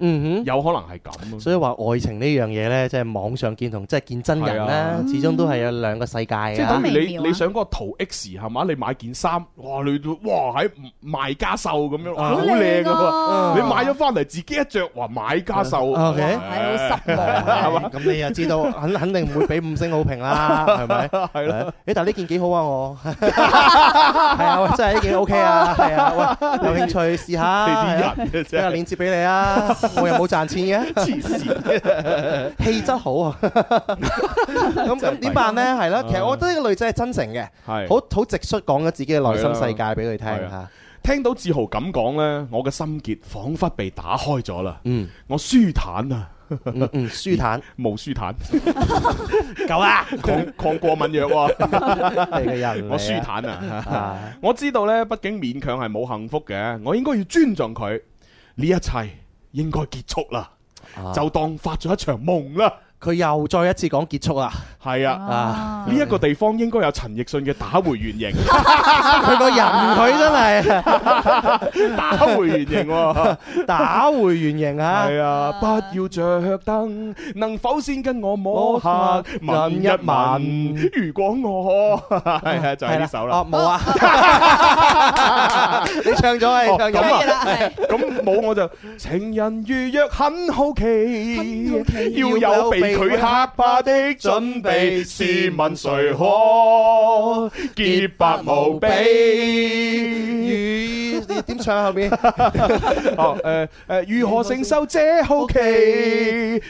S3: 嗯哼，有可能係咁，
S1: 所以話愛情呢樣嘢咧，即係網上見同即係見真人咧，始終都係有兩個世界嘅。你
S3: 你想個圖 X 係嘛？你買件衫哇，你到哇喺賣家秀咁樣，好靚噶！你買咗翻嚟自己一着，哇買家秀，係好失
S1: 望。咁你又知道，肯肯定唔會俾五星好評啦，係咪？係咯，誒但呢件幾好啊我，
S4: 係啊真係呢件 O K 啊，係啊，
S1: 有興趣試下，有鏈接俾你啊。我又冇賺錢嘅，氣質經 質好啊！ 咁咁點辦呢？係啦，其實我覺得呢個女仔係真誠嘅，係好好直率，講咗自己嘅內心世界俾佢聽吓。
S3: 聽到志豪咁講呢，我嘅心結仿佛被打開咗啦。嗯，我舒坦啊，嗯、舒坦，冇 舒坦，
S4: 夠
S3: 啦！ 抗抗過敏藥，啊， 我舒坦啊！ 我知道呢，畢竟勉強係冇幸福嘅，我應該要尊重佢呢一切。應該結束啦，啊、就當發咗一場夢啦。佢又再一次講結束喇！係啊啊！呢一個地方應該有陳奕迅嘅打回原形。
S4: 佢個人，佢真係
S1: 打回原形。
S3: 打回原形啊！係啊！不要着燈，能否先跟我摸下？吻一吻？如果我係就係呢首啦。冇啊！你唱咗啊？咁啊？咁冇我就情人如若很好奇，要有佢害怕的準備，試問誰可潔白無比？點唱、啊、後面？ 哦，誒、呃呃、如何承受這好奇？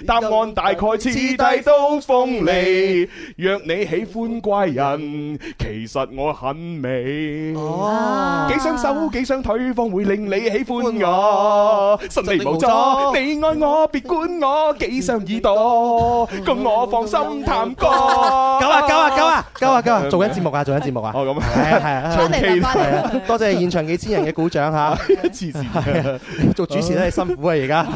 S3: 答案大概似自大都鋒利。若你喜歡怪人，其實我很美。哦，幾雙手，幾雙腿，方會令你喜歡我。身無所，你愛我別管我，幾雙耳朵。哦 咁我放心探歌，
S1: 夠啊夠啊夠啊夠啊夠啊！做緊節目啊做緊節目啊！哦咁啊，係啊係啊，唱 K，多謝現場幾千人嘅鼓掌吓，做主持都係辛苦啊而家，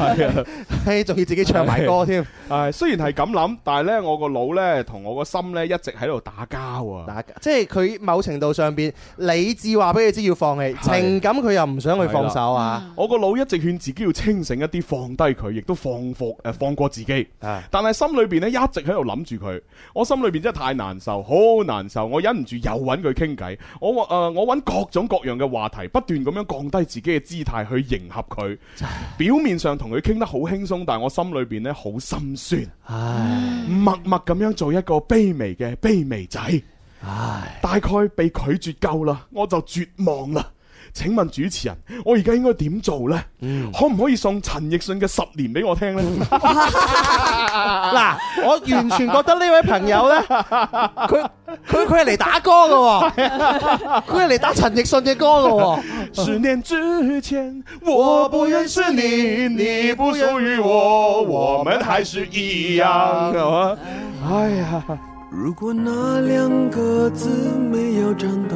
S1: 係仲要自己唱埋歌添。
S3: 係雖然係咁諗，但係咧我個腦咧同我個心咧一直喺度打交啊！打，
S1: 即係佢某程度上邊理智話俾你知要放棄，情感佢又唔
S3: 想去放手啊！我個腦一直勸自己要清醒一啲，放低佢，亦都放誒放過自己。係，但係。心裏邊咧一直喺度諗住佢，我心裏邊真係太難受，好難受，我忍唔住又揾佢傾偈，我，呃，我揾各種各樣嘅話題，不斷咁樣降低自己嘅姿態去迎合佢，表面上同佢傾得好輕鬆，但係我心裏邊咧好心酸，唉默默咁樣做一個卑微嘅卑微仔，唉大概被拒絕夠啦，我就絕望啦。請問主持人，我而家應該點做咧？嗯、可唔可以送陳奕迅嘅《十年》俾我聽咧？
S4: 嗱， 我完全
S1: 覺得呢位朋友咧，佢佢佢係嚟打歌嘅，佢係嚟打陳奕迅嘅歌嘅。十 年之前，我不認識你，你不屬於我，我
S3: 們還是一樣。
S2: 哎呀，如果那兩個字沒有顫抖。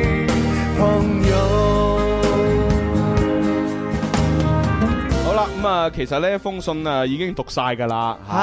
S3: 咁啊，其實呢一封信啊，已經讀晒㗎啦。
S1: 係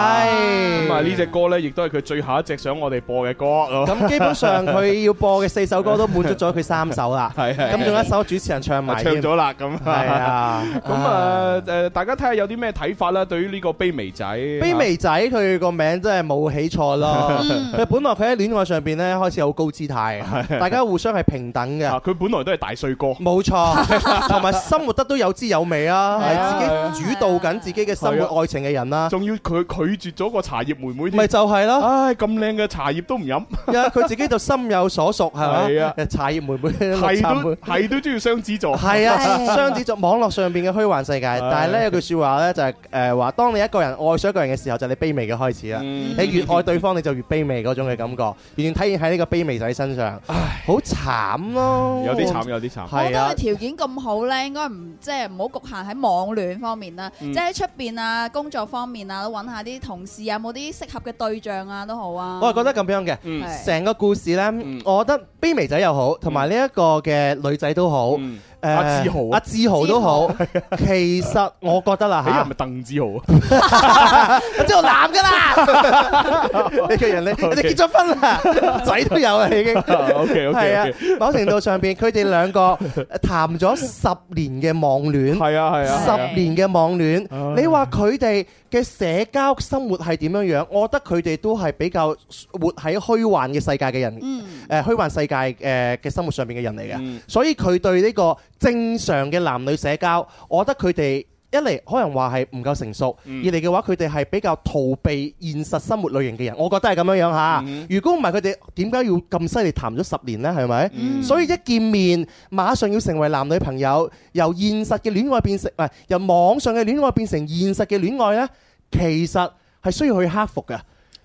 S1: 咁啊，呢
S3: 隻歌咧，亦都係佢最後一隻想我哋播嘅歌。咁基本上佢
S1: 要播嘅四首歌都滿足咗佢三首啦。咁仲有一首主持人唱埋。唱咗啦。咁係啊。咁啊
S3: 誒，大家睇下有啲咩睇法啦？對於呢個卑微仔。卑微仔，
S1: 佢個名真係冇起錯咯。佢本來佢喺戀愛上邊咧，開始好高姿態。大家互相係平等嘅。佢本來都係大帥哥。冇錯。同埋生活得都有滋有味啊。係啊。主導緊自己嘅生活、愛情嘅人啦，仲要佢拒絕咗個茶葉妹妹，咪就係咯。唉，咁靚嘅茶葉都唔飲。佢自己就心有所屬，係咪啊？茶葉妹妹，係都係都中意雙子座。係啊，雙子座網絡上邊嘅虛幻世界。但係呢有句説話咧，就係誒話，當你一個人愛上一個人嘅時候，就你卑微嘅開始啦。你越愛對方，你就越卑微嗰種嘅感覺，完全體現喺呢個卑微仔身上。唉，好慘咯，有啲慘，有啲慘。我覺得條件咁好咧，應該唔即係唔好局限喺網戀方面。嗯、即係喺出邊啊，工作方面啊，都揾下啲同事有冇啲適合嘅對
S2: 象啊，都好啊。我係覺
S1: 得咁樣嘅，成、嗯、個故事呢，嗯、我覺得卑微仔又好，同埋呢一個嘅女仔都好。嗯阿志豪，阿志豪都好。其實我覺得啦，哎，係咪鄧志豪
S2: 啊？我知我男噶啦，
S1: 你個人你你結咗婚啦，仔都有啊已經。OK OK，係啊。某程度上邊，佢哋兩個談咗十年嘅網戀，係啊係啊，十年嘅網戀。你話佢哋？嘅社交生活係點樣樣？我覺得佢哋都係比較活喺虛幻嘅世界嘅人，誒、嗯呃、虛幻世界誒嘅、呃、生活上面嘅人嚟嘅，嗯、所以佢對呢個正常嘅男女社交，我覺得佢哋，一嚟可能話係唔夠成熟，嗯、二嚟嘅話佢哋係比較逃避現實生活類型嘅人，我覺得係咁樣樣嚇。嗯、如果唔係佢哋點解要咁犀利談咗十年呢？係咪？嗯、所以一見面馬上要成為男女朋友，由現實嘅戀愛變成唔係、呃、由網上嘅戀愛變成現實嘅戀愛呢？其實係需要去克服嘅。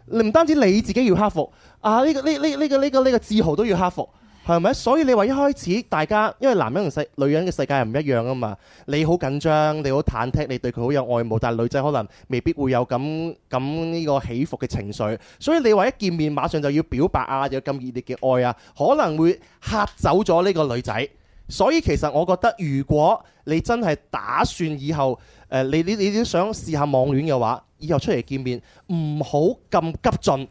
S1: 你唔單止你自己要克服，啊呢、呢個呢呢呢個呢、呢個呢、呢個自、呢個呢個呢個、豪都要克服。係咪？所以你話一開始大家，因為男人同世女人嘅世界係唔一樣啊嘛，你好緊張，你好忐忑，你對佢好有愛慕，但係女仔可能未必會有咁咁呢個起伏嘅情緒，所以你話一見面馬上就要表白啊，有咁熱烈嘅愛啊，可能會嚇走咗呢個女仔。所以其實我覺得，如果你真係打算以後，誒，你你你都想試下網戀嘅話，以後出嚟見面唔好咁急進。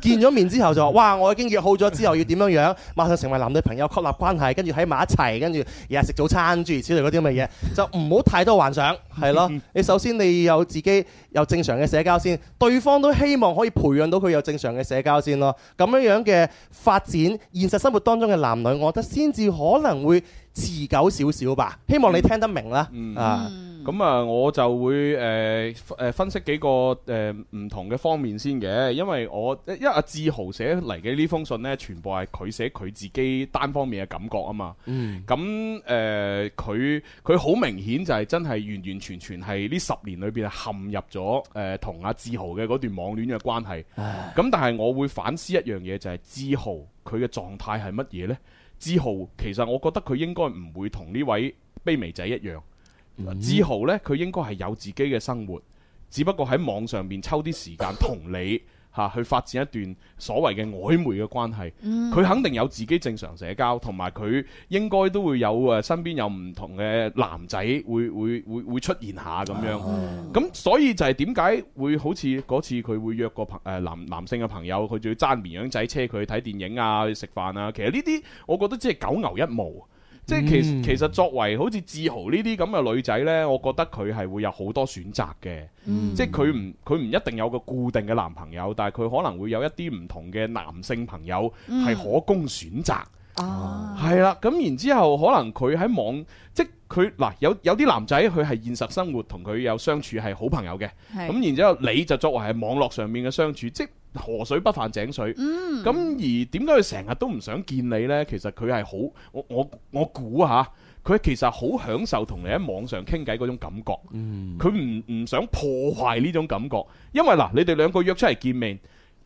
S1: 見咗面之後就話：哇，我已經約好咗，之後要點樣樣，馬上成為男女朋友、確立關係，跟住喺埋一齊，跟住日日食早餐諸如此類嗰啲咁嘅嘢，就唔好太多幻想，係咯。你首先你有自己有正常嘅社交先，對方都希望可以培養到佢有正常嘅社交先咯。咁樣樣嘅發展，現實生活當中嘅男女，我覺得先至可能會持久少少吧。希望你聽得明啦，啊。咁啊，
S3: 我就會誒誒、呃、分析幾個誒唔、呃、同嘅方面先嘅，因為我因為阿、啊、志豪寫嚟嘅呢封信呢，全部係佢寫佢自己單方面嘅感覺啊嘛。嗯。咁、呃、誒，佢佢好明顯就係真係完完全全係呢十年裏邊陷入咗誒同阿志豪嘅嗰段網戀嘅關係。咁，唉 但係我會反思一樣嘢，就係、是、志豪佢嘅狀態係乜嘢呢？志豪其實我覺得佢應該唔會同呢位卑微仔一樣。志豪呢，佢應該係有自己嘅生活，只不過喺網上邊抽啲時間同你嚇、啊、去發展一段所謂嘅曖昧嘅關係。佢、嗯、肯定有自己正常社交，同埋佢應該都會有誒身邊有唔同嘅男仔會會會會出現下咁樣。咁、嗯、所以就係點解會好似嗰次佢會約個朋誒、呃、男男性嘅朋友，佢仲要揸綿羊仔車佢去睇電影啊、去食飯啊。其實呢啲我覺得即係九牛一毛。即係、嗯、其實其實作為好似志豪呢啲咁嘅女仔呢，我覺得佢係會有好多選擇嘅。嗯、
S4: 即係佢唔
S3: 佢唔一定有個固定嘅男朋友，但係佢可能會有一啲唔同嘅男性朋友係可供選擇。係啦、嗯，咁、啊、然之後，後可能佢喺網即係佢嗱有有啲男仔佢係現實生活同佢有相處係好朋友嘅。咁的然之後你就作為係網絡上面嘅相處，即河水不犯井水，咁、嗯、而點解佢成日都唔想見你呢？其實佢係好，我我我估吓，佢其實好享受同你喺網上傾偈嗰種感覺，嗯、佢唔唔想破壞呢種感覺，因為嗱，你哋兩個約出嚟見面，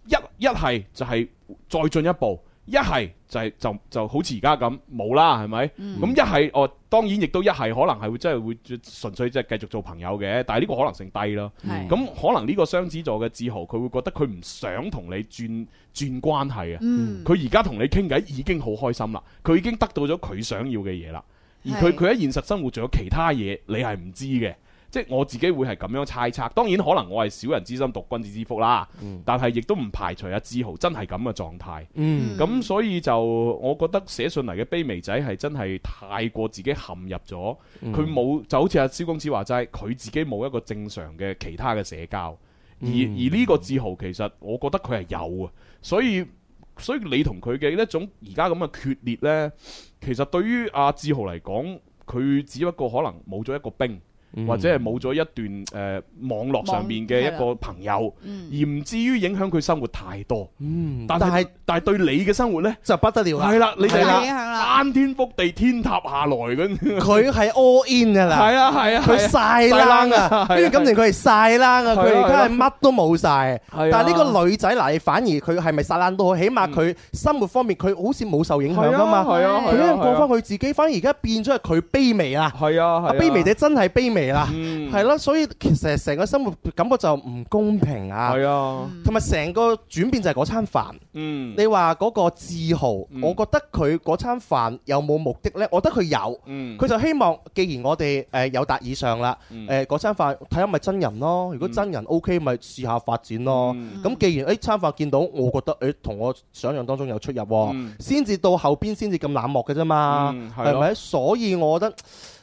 S3: 一一係就係再進一步。一係就係就就好似而家咁冇啦，係咪？咁一係哦，當然亦都一係可能係會真係會純粹即係繼續做朋友嘅，但係呢個可能性低咯。咁、嗯、可能呢個雙子座嘅志豪，佢會覺得佢唔想同你轉轉關係啊。佢而家同你傾偈已經好開心啦，佢已經得到咗佢想要嘅嘢啦。而佢佢喺現實生活仲有其他嘢，你係唔知嘅。即我自己會係咁樣猜測，當然可能我係小人之心，度君子之，之腹啦。嗯、但係亦都唔排除阿、啊、志豪真係咁嘅狀態。咁、嗯、所以就我覺得寫信嚟嘅卑微仔係真係太過自己陷入咗，佢冇、嗯、就好似阿、啊、蕭公子話齋，佢自己冇一個正常嘅其他嘅社交。而、嗯、而呢個志豪其實我覺得佢係有啊，所以所以你同佢嘅一種而家咁嘅決裂呢，其實對於阿、啊、志豪嚟講，佢只不過可能冇咗一個兵。或者係冇咗一段誒網絡上邊嘅一個朋友，而唔至於影響佢生活太多。但係但係對你嘅生活咧、嗯，就係、不得了。係啦，你係啦，翻啦天覆地，天塌下來咁。佢係
S1: all in 㗎啦。係啊係啊，佢晒冷啊。呢個感情佢係晒冷啊。佢而家係乜都冇晒。但係呢個女仔嗱，你反而佢係咪晒冷到？起碼佢生活方面佢好似冇受影響㗎嘛。係啊，佢一樣過翻佢自己。反而而家變咗係佢卑微啦。係啊，係卑微仔真係卑微。係啦，係咯，所以其實成個生活感覺就唔公平啊。係啊，同埋成個轉變就係嗰餐飯。嗯，你話嗰個自豪，我覺得佢嗰餐飯有冇目的呢？我覺得佢有。佢就希望，既然我哋誒有達以上啦，嗰餐飯睇下咪真人咯。如果真人 OK，咪試下發展咯。咁既然誒餐飯見到，我覺得誒同我想象當中有出入，先至到後邊先至咁冷漠嘅啫嘛。係咪？所以我覺得。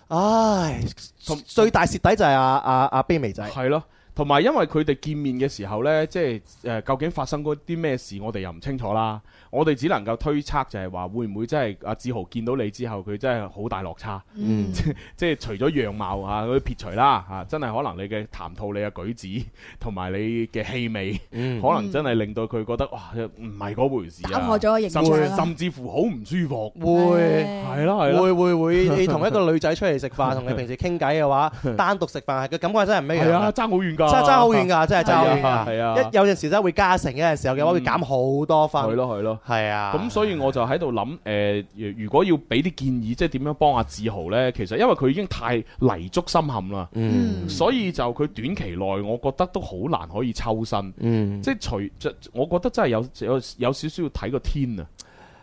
S1: 唉，和 最大蝕底就係阿
S3: 阿阿卑微仔。係咯。同埋，因為佢哋見面嘅時候呢，即係究竟發生過啲咩事，我哋又唔清楚啦。我哋只能夠推測，就係話會唔會真係阿志豪見到你之後，佢真係好大落差。嗯。即即係除咗樣貌啊，嗰撇除啦嚇，真係可能你嘅談吐、你嘅舉止，同埋你嘅氣味，可能真係令到
S1: 佢覺得哇，唔係嗰回事。打破咗形象。甚
S3: 至乎好唔舒服，會
S1: 係咯係咯，會會會你同一個女仔出嚟食飯，同你平時傾偈嘅話，單獨食飯嘅感覺真係唔一樣。係啊，爭好遠㗎。真係差好遠噶真係差好遠。係啊，一啊有陣時真係會加成，有陣時候嘅話會減好多分。係咯、嗯，係咯，係
S3: 啊。咁、啊、所以我就喺度諗，誒、呃，如果要俾啲建議，即係點樣幫阿志豪咧？其實因為佢已經太泥足深陷啦，嗯、所以就佢短期內，我覺得都好難可以抽身。嗯，即係除，就我覺得真係有有有少少要睇個天啊。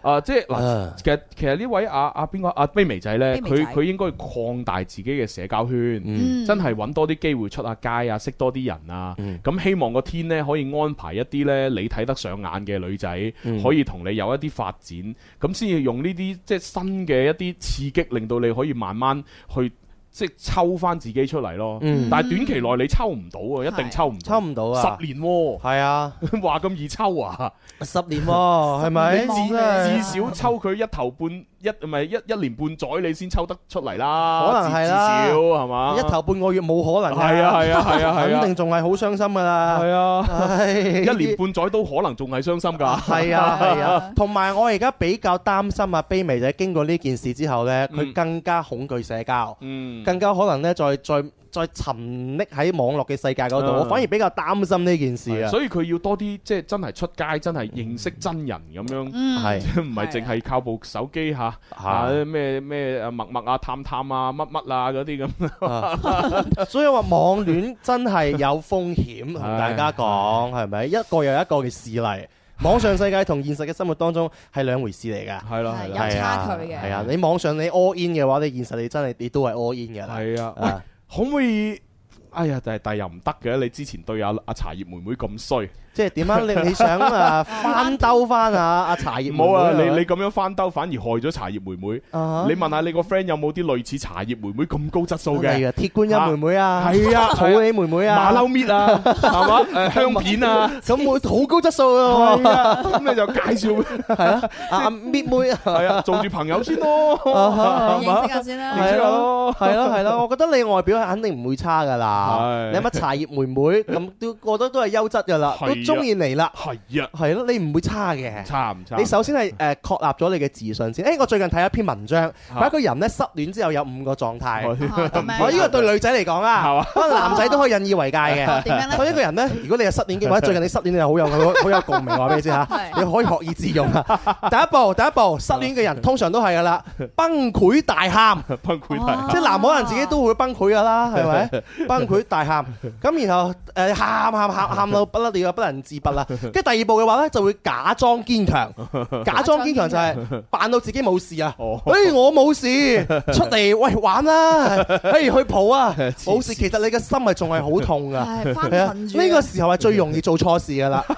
S3: 呃、啊，即係嗱，其實其實呢位阿阿邊個阿卑微仔呢，佢佢應該擴大自己嘅社交圈，嗯、真係揾多啲機會出下街啊，識多啲人啊，咁、嗯、希望個天呢可以安排一啲呢你睇得上眼嘅女仔，可以同你有一啲發展，咁先至用呢啲即係新嘅一啲刺激，令到你可以慢慢去。即係抽翻自己出嚟咯，嗯、但係短期內你抽唔到啊，一定抽唔抽唔到、喔、啊，十年喎，係啊，話咁易
S1: 抽啊，十年喎，係咪？你至至
S3: 少抽佢一頭半。一唔一一年半載你先抽得出嚟啦，可能係啊，至少係嘛？一頭
S1: 半個月冇可能。係啊係啊係啊，肯定仲係好傷心噶啦。係啊，一年半
S3: 載都可能仲係傷心噶。係啊，係啊。
S1: 同埋我而家比較擔心啊，卑微仔經過呢件事之後呢，佢更加恐懼社交，
S4: 嗯，
S3: 更
S1: 加可能呢。再再。再沉溺喺網絡嘅世界嗰度，我反而比較擔心呢件事啊。所以佢要多啲即係真係
S3: 出街，真係認識真人咁樣，唔係淨係靠部手機嚇，嚇咩咩啊陌陌啊探探啊乜乜啊嗰啲咁。
S1: 所以話網戀真係有風險，同大家講係咪？一個又一個嘅事例，網上世界同現實嘅生活當中係兩回事嚟嘅。係咯，係有差距嘅。係啊，你網上你 all in 嘅話，你現實你真係你都係 all in 嘅啦。係啊。可唔可以？
S3: 哎呀，但係但係又唔得嘅。你之前對阿阿茶葉妹妹咁衰。即係點啊？你你想啊
S1: 翻兜翻啊啊！茶葉妹妹啊！你你
S3: 咁樣翻兜反而害咗茶葉妹妹。你問下你個 friend 有冇啲類似茶葉妹妹咁高質素嘅？係啊，鐵觀音妹妹啊，係啊，土起
S1: 妹妹啊，馬騮搣啊，係嘛？香片啊，咁會好高質素咯。係啊，咁你就介紹係啊，即係滅妹係啊，做住朋友先咯。咁啊，認識下先啦，認識下咯，係咯，係咯。我覺得你外表係肯定唔會差㗎啦。你乜茶葉妹妹咁都覺得都係優質㗎啦。中意你啦，係呀，係咯，你唔會差嘅，差唔差？你首先係誒確立咗你嘅自信先。誒，我最近睇一篇文章，話一個人咧失戀之後有五個狀態。我呢個對女仔嚟講啊，可能男仔都可以引以為戒嘅。點樣咧？所以一個人咧，如果你係失戀嘅話，或者最近你失戀，你又好有好有共鳴，話俾你知吓？你可以學以致用啊！第一步，第一步，失戀嘅人通常都係噶啦，崩潰大喊，崩潰大喊，即係男可能自己都會崩潰噶啦，係咪？崩潰大喊，咁然後誒，喊喊喊喊到不甩你不能。自拔啦，跟第二步嘅話咧，就會假裝堅強，假裝堅強就係扮到自己冇事啊。哎、欸，我冇事，出嚟喂玩啦，哎、欸、去蒲啊，冇事。其實你嘅心係仲係好痛噶，呢、 啊呢個時候係最容易做錯事噶啦。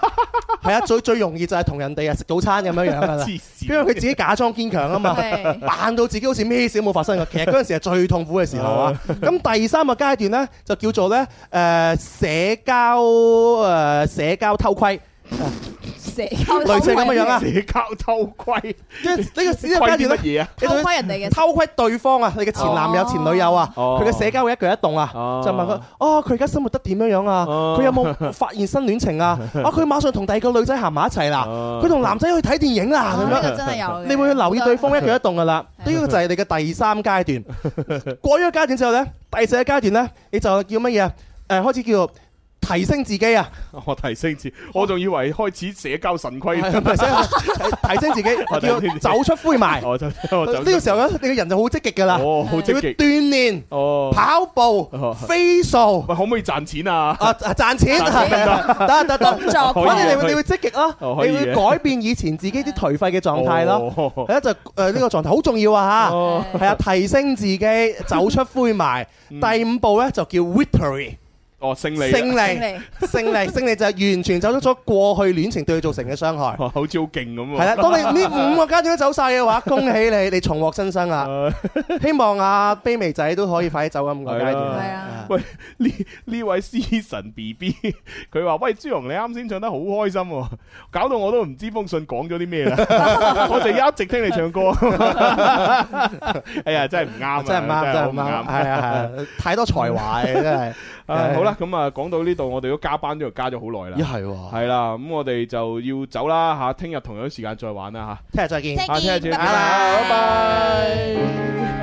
S1: 係啊，最 最容易就係同人哋啊食早餐咁樣樣噶啦，因為佢自己假裝堅強啊嘛，扮 到自己好似咩事都冇發生過。其實嗰陣時係最痛苦嘅時候啊。咁 第三個階段咧，就叫做咧誒、呃、社交誒、呃、社交偷窺。啊社交類似咁嘅樣啊！社交偷窺，即係呢個呢個階段乜嘢啊？偷窺人哋嘅，偷窺對方啊！你嘅前男友、前女友啊，佢嘅社交會一舉一動啊，就問佢：哦，佢而家生活得點樣樣啊？佢有冇發現新戀情啊？啊，佢馬上同第二個女仔行埋一齊啦！佢同男仔去睇電影啦，咁樣。真係有。你會去留意對方一舉一動㗎喇。呢個就係你嘅第三階段。過咗階段之後咧，第四個階段咧，你就叫乜嘢？誒，開始叫。提升自己啊！
S3: 我提升自，我仲以為開始社交神龜
S1: 提升，自己，要走出灰霾。呢個時候咧，你個人就好積極噶啦。哦，好積極。鍛煉，哦，跑步，飛數。可唔可以賺錢啊？啊，賺錢，得得得得，咁你哋會，你會積極咯。你會改變以前自己啲頹廢嘅狀態咯。第一就誒呢個狀態好重要啊吓。係啊，提升自己，走出灰霾。第五步咧就叫 Victory。哦，勝利，勝利，勝利，勝利就係完全走出咗過去戀情對佢造成嘅傷害。哦，好似好勁咁啊！係啦，當你呢五個階段都走晒嘅話，恭喜你，你重獲新生啊！希望阿卑微仔都可以快啲走咁個階段。係啊。喂，
S3: 呢呢位詩神 B B，佢話，喂，朱容，你啱先唱得好開心，搞到我都唔知封信講咗啲咩啦。我就一直聽你唱歌。哎呀，真係唔啱真係唔啱，真係唔啱。係啊係啊，太多才華，真係。啊好啦，咁啊講到呢度，我哋都加班都又加咗好耐啦。一係喎，係啦、啊，咁、啊、我哋就要走啦吓，聽日同樣時間再玩啦吓。聽
S1: 日再見，啊，聽日再見，拜拜，拜拜。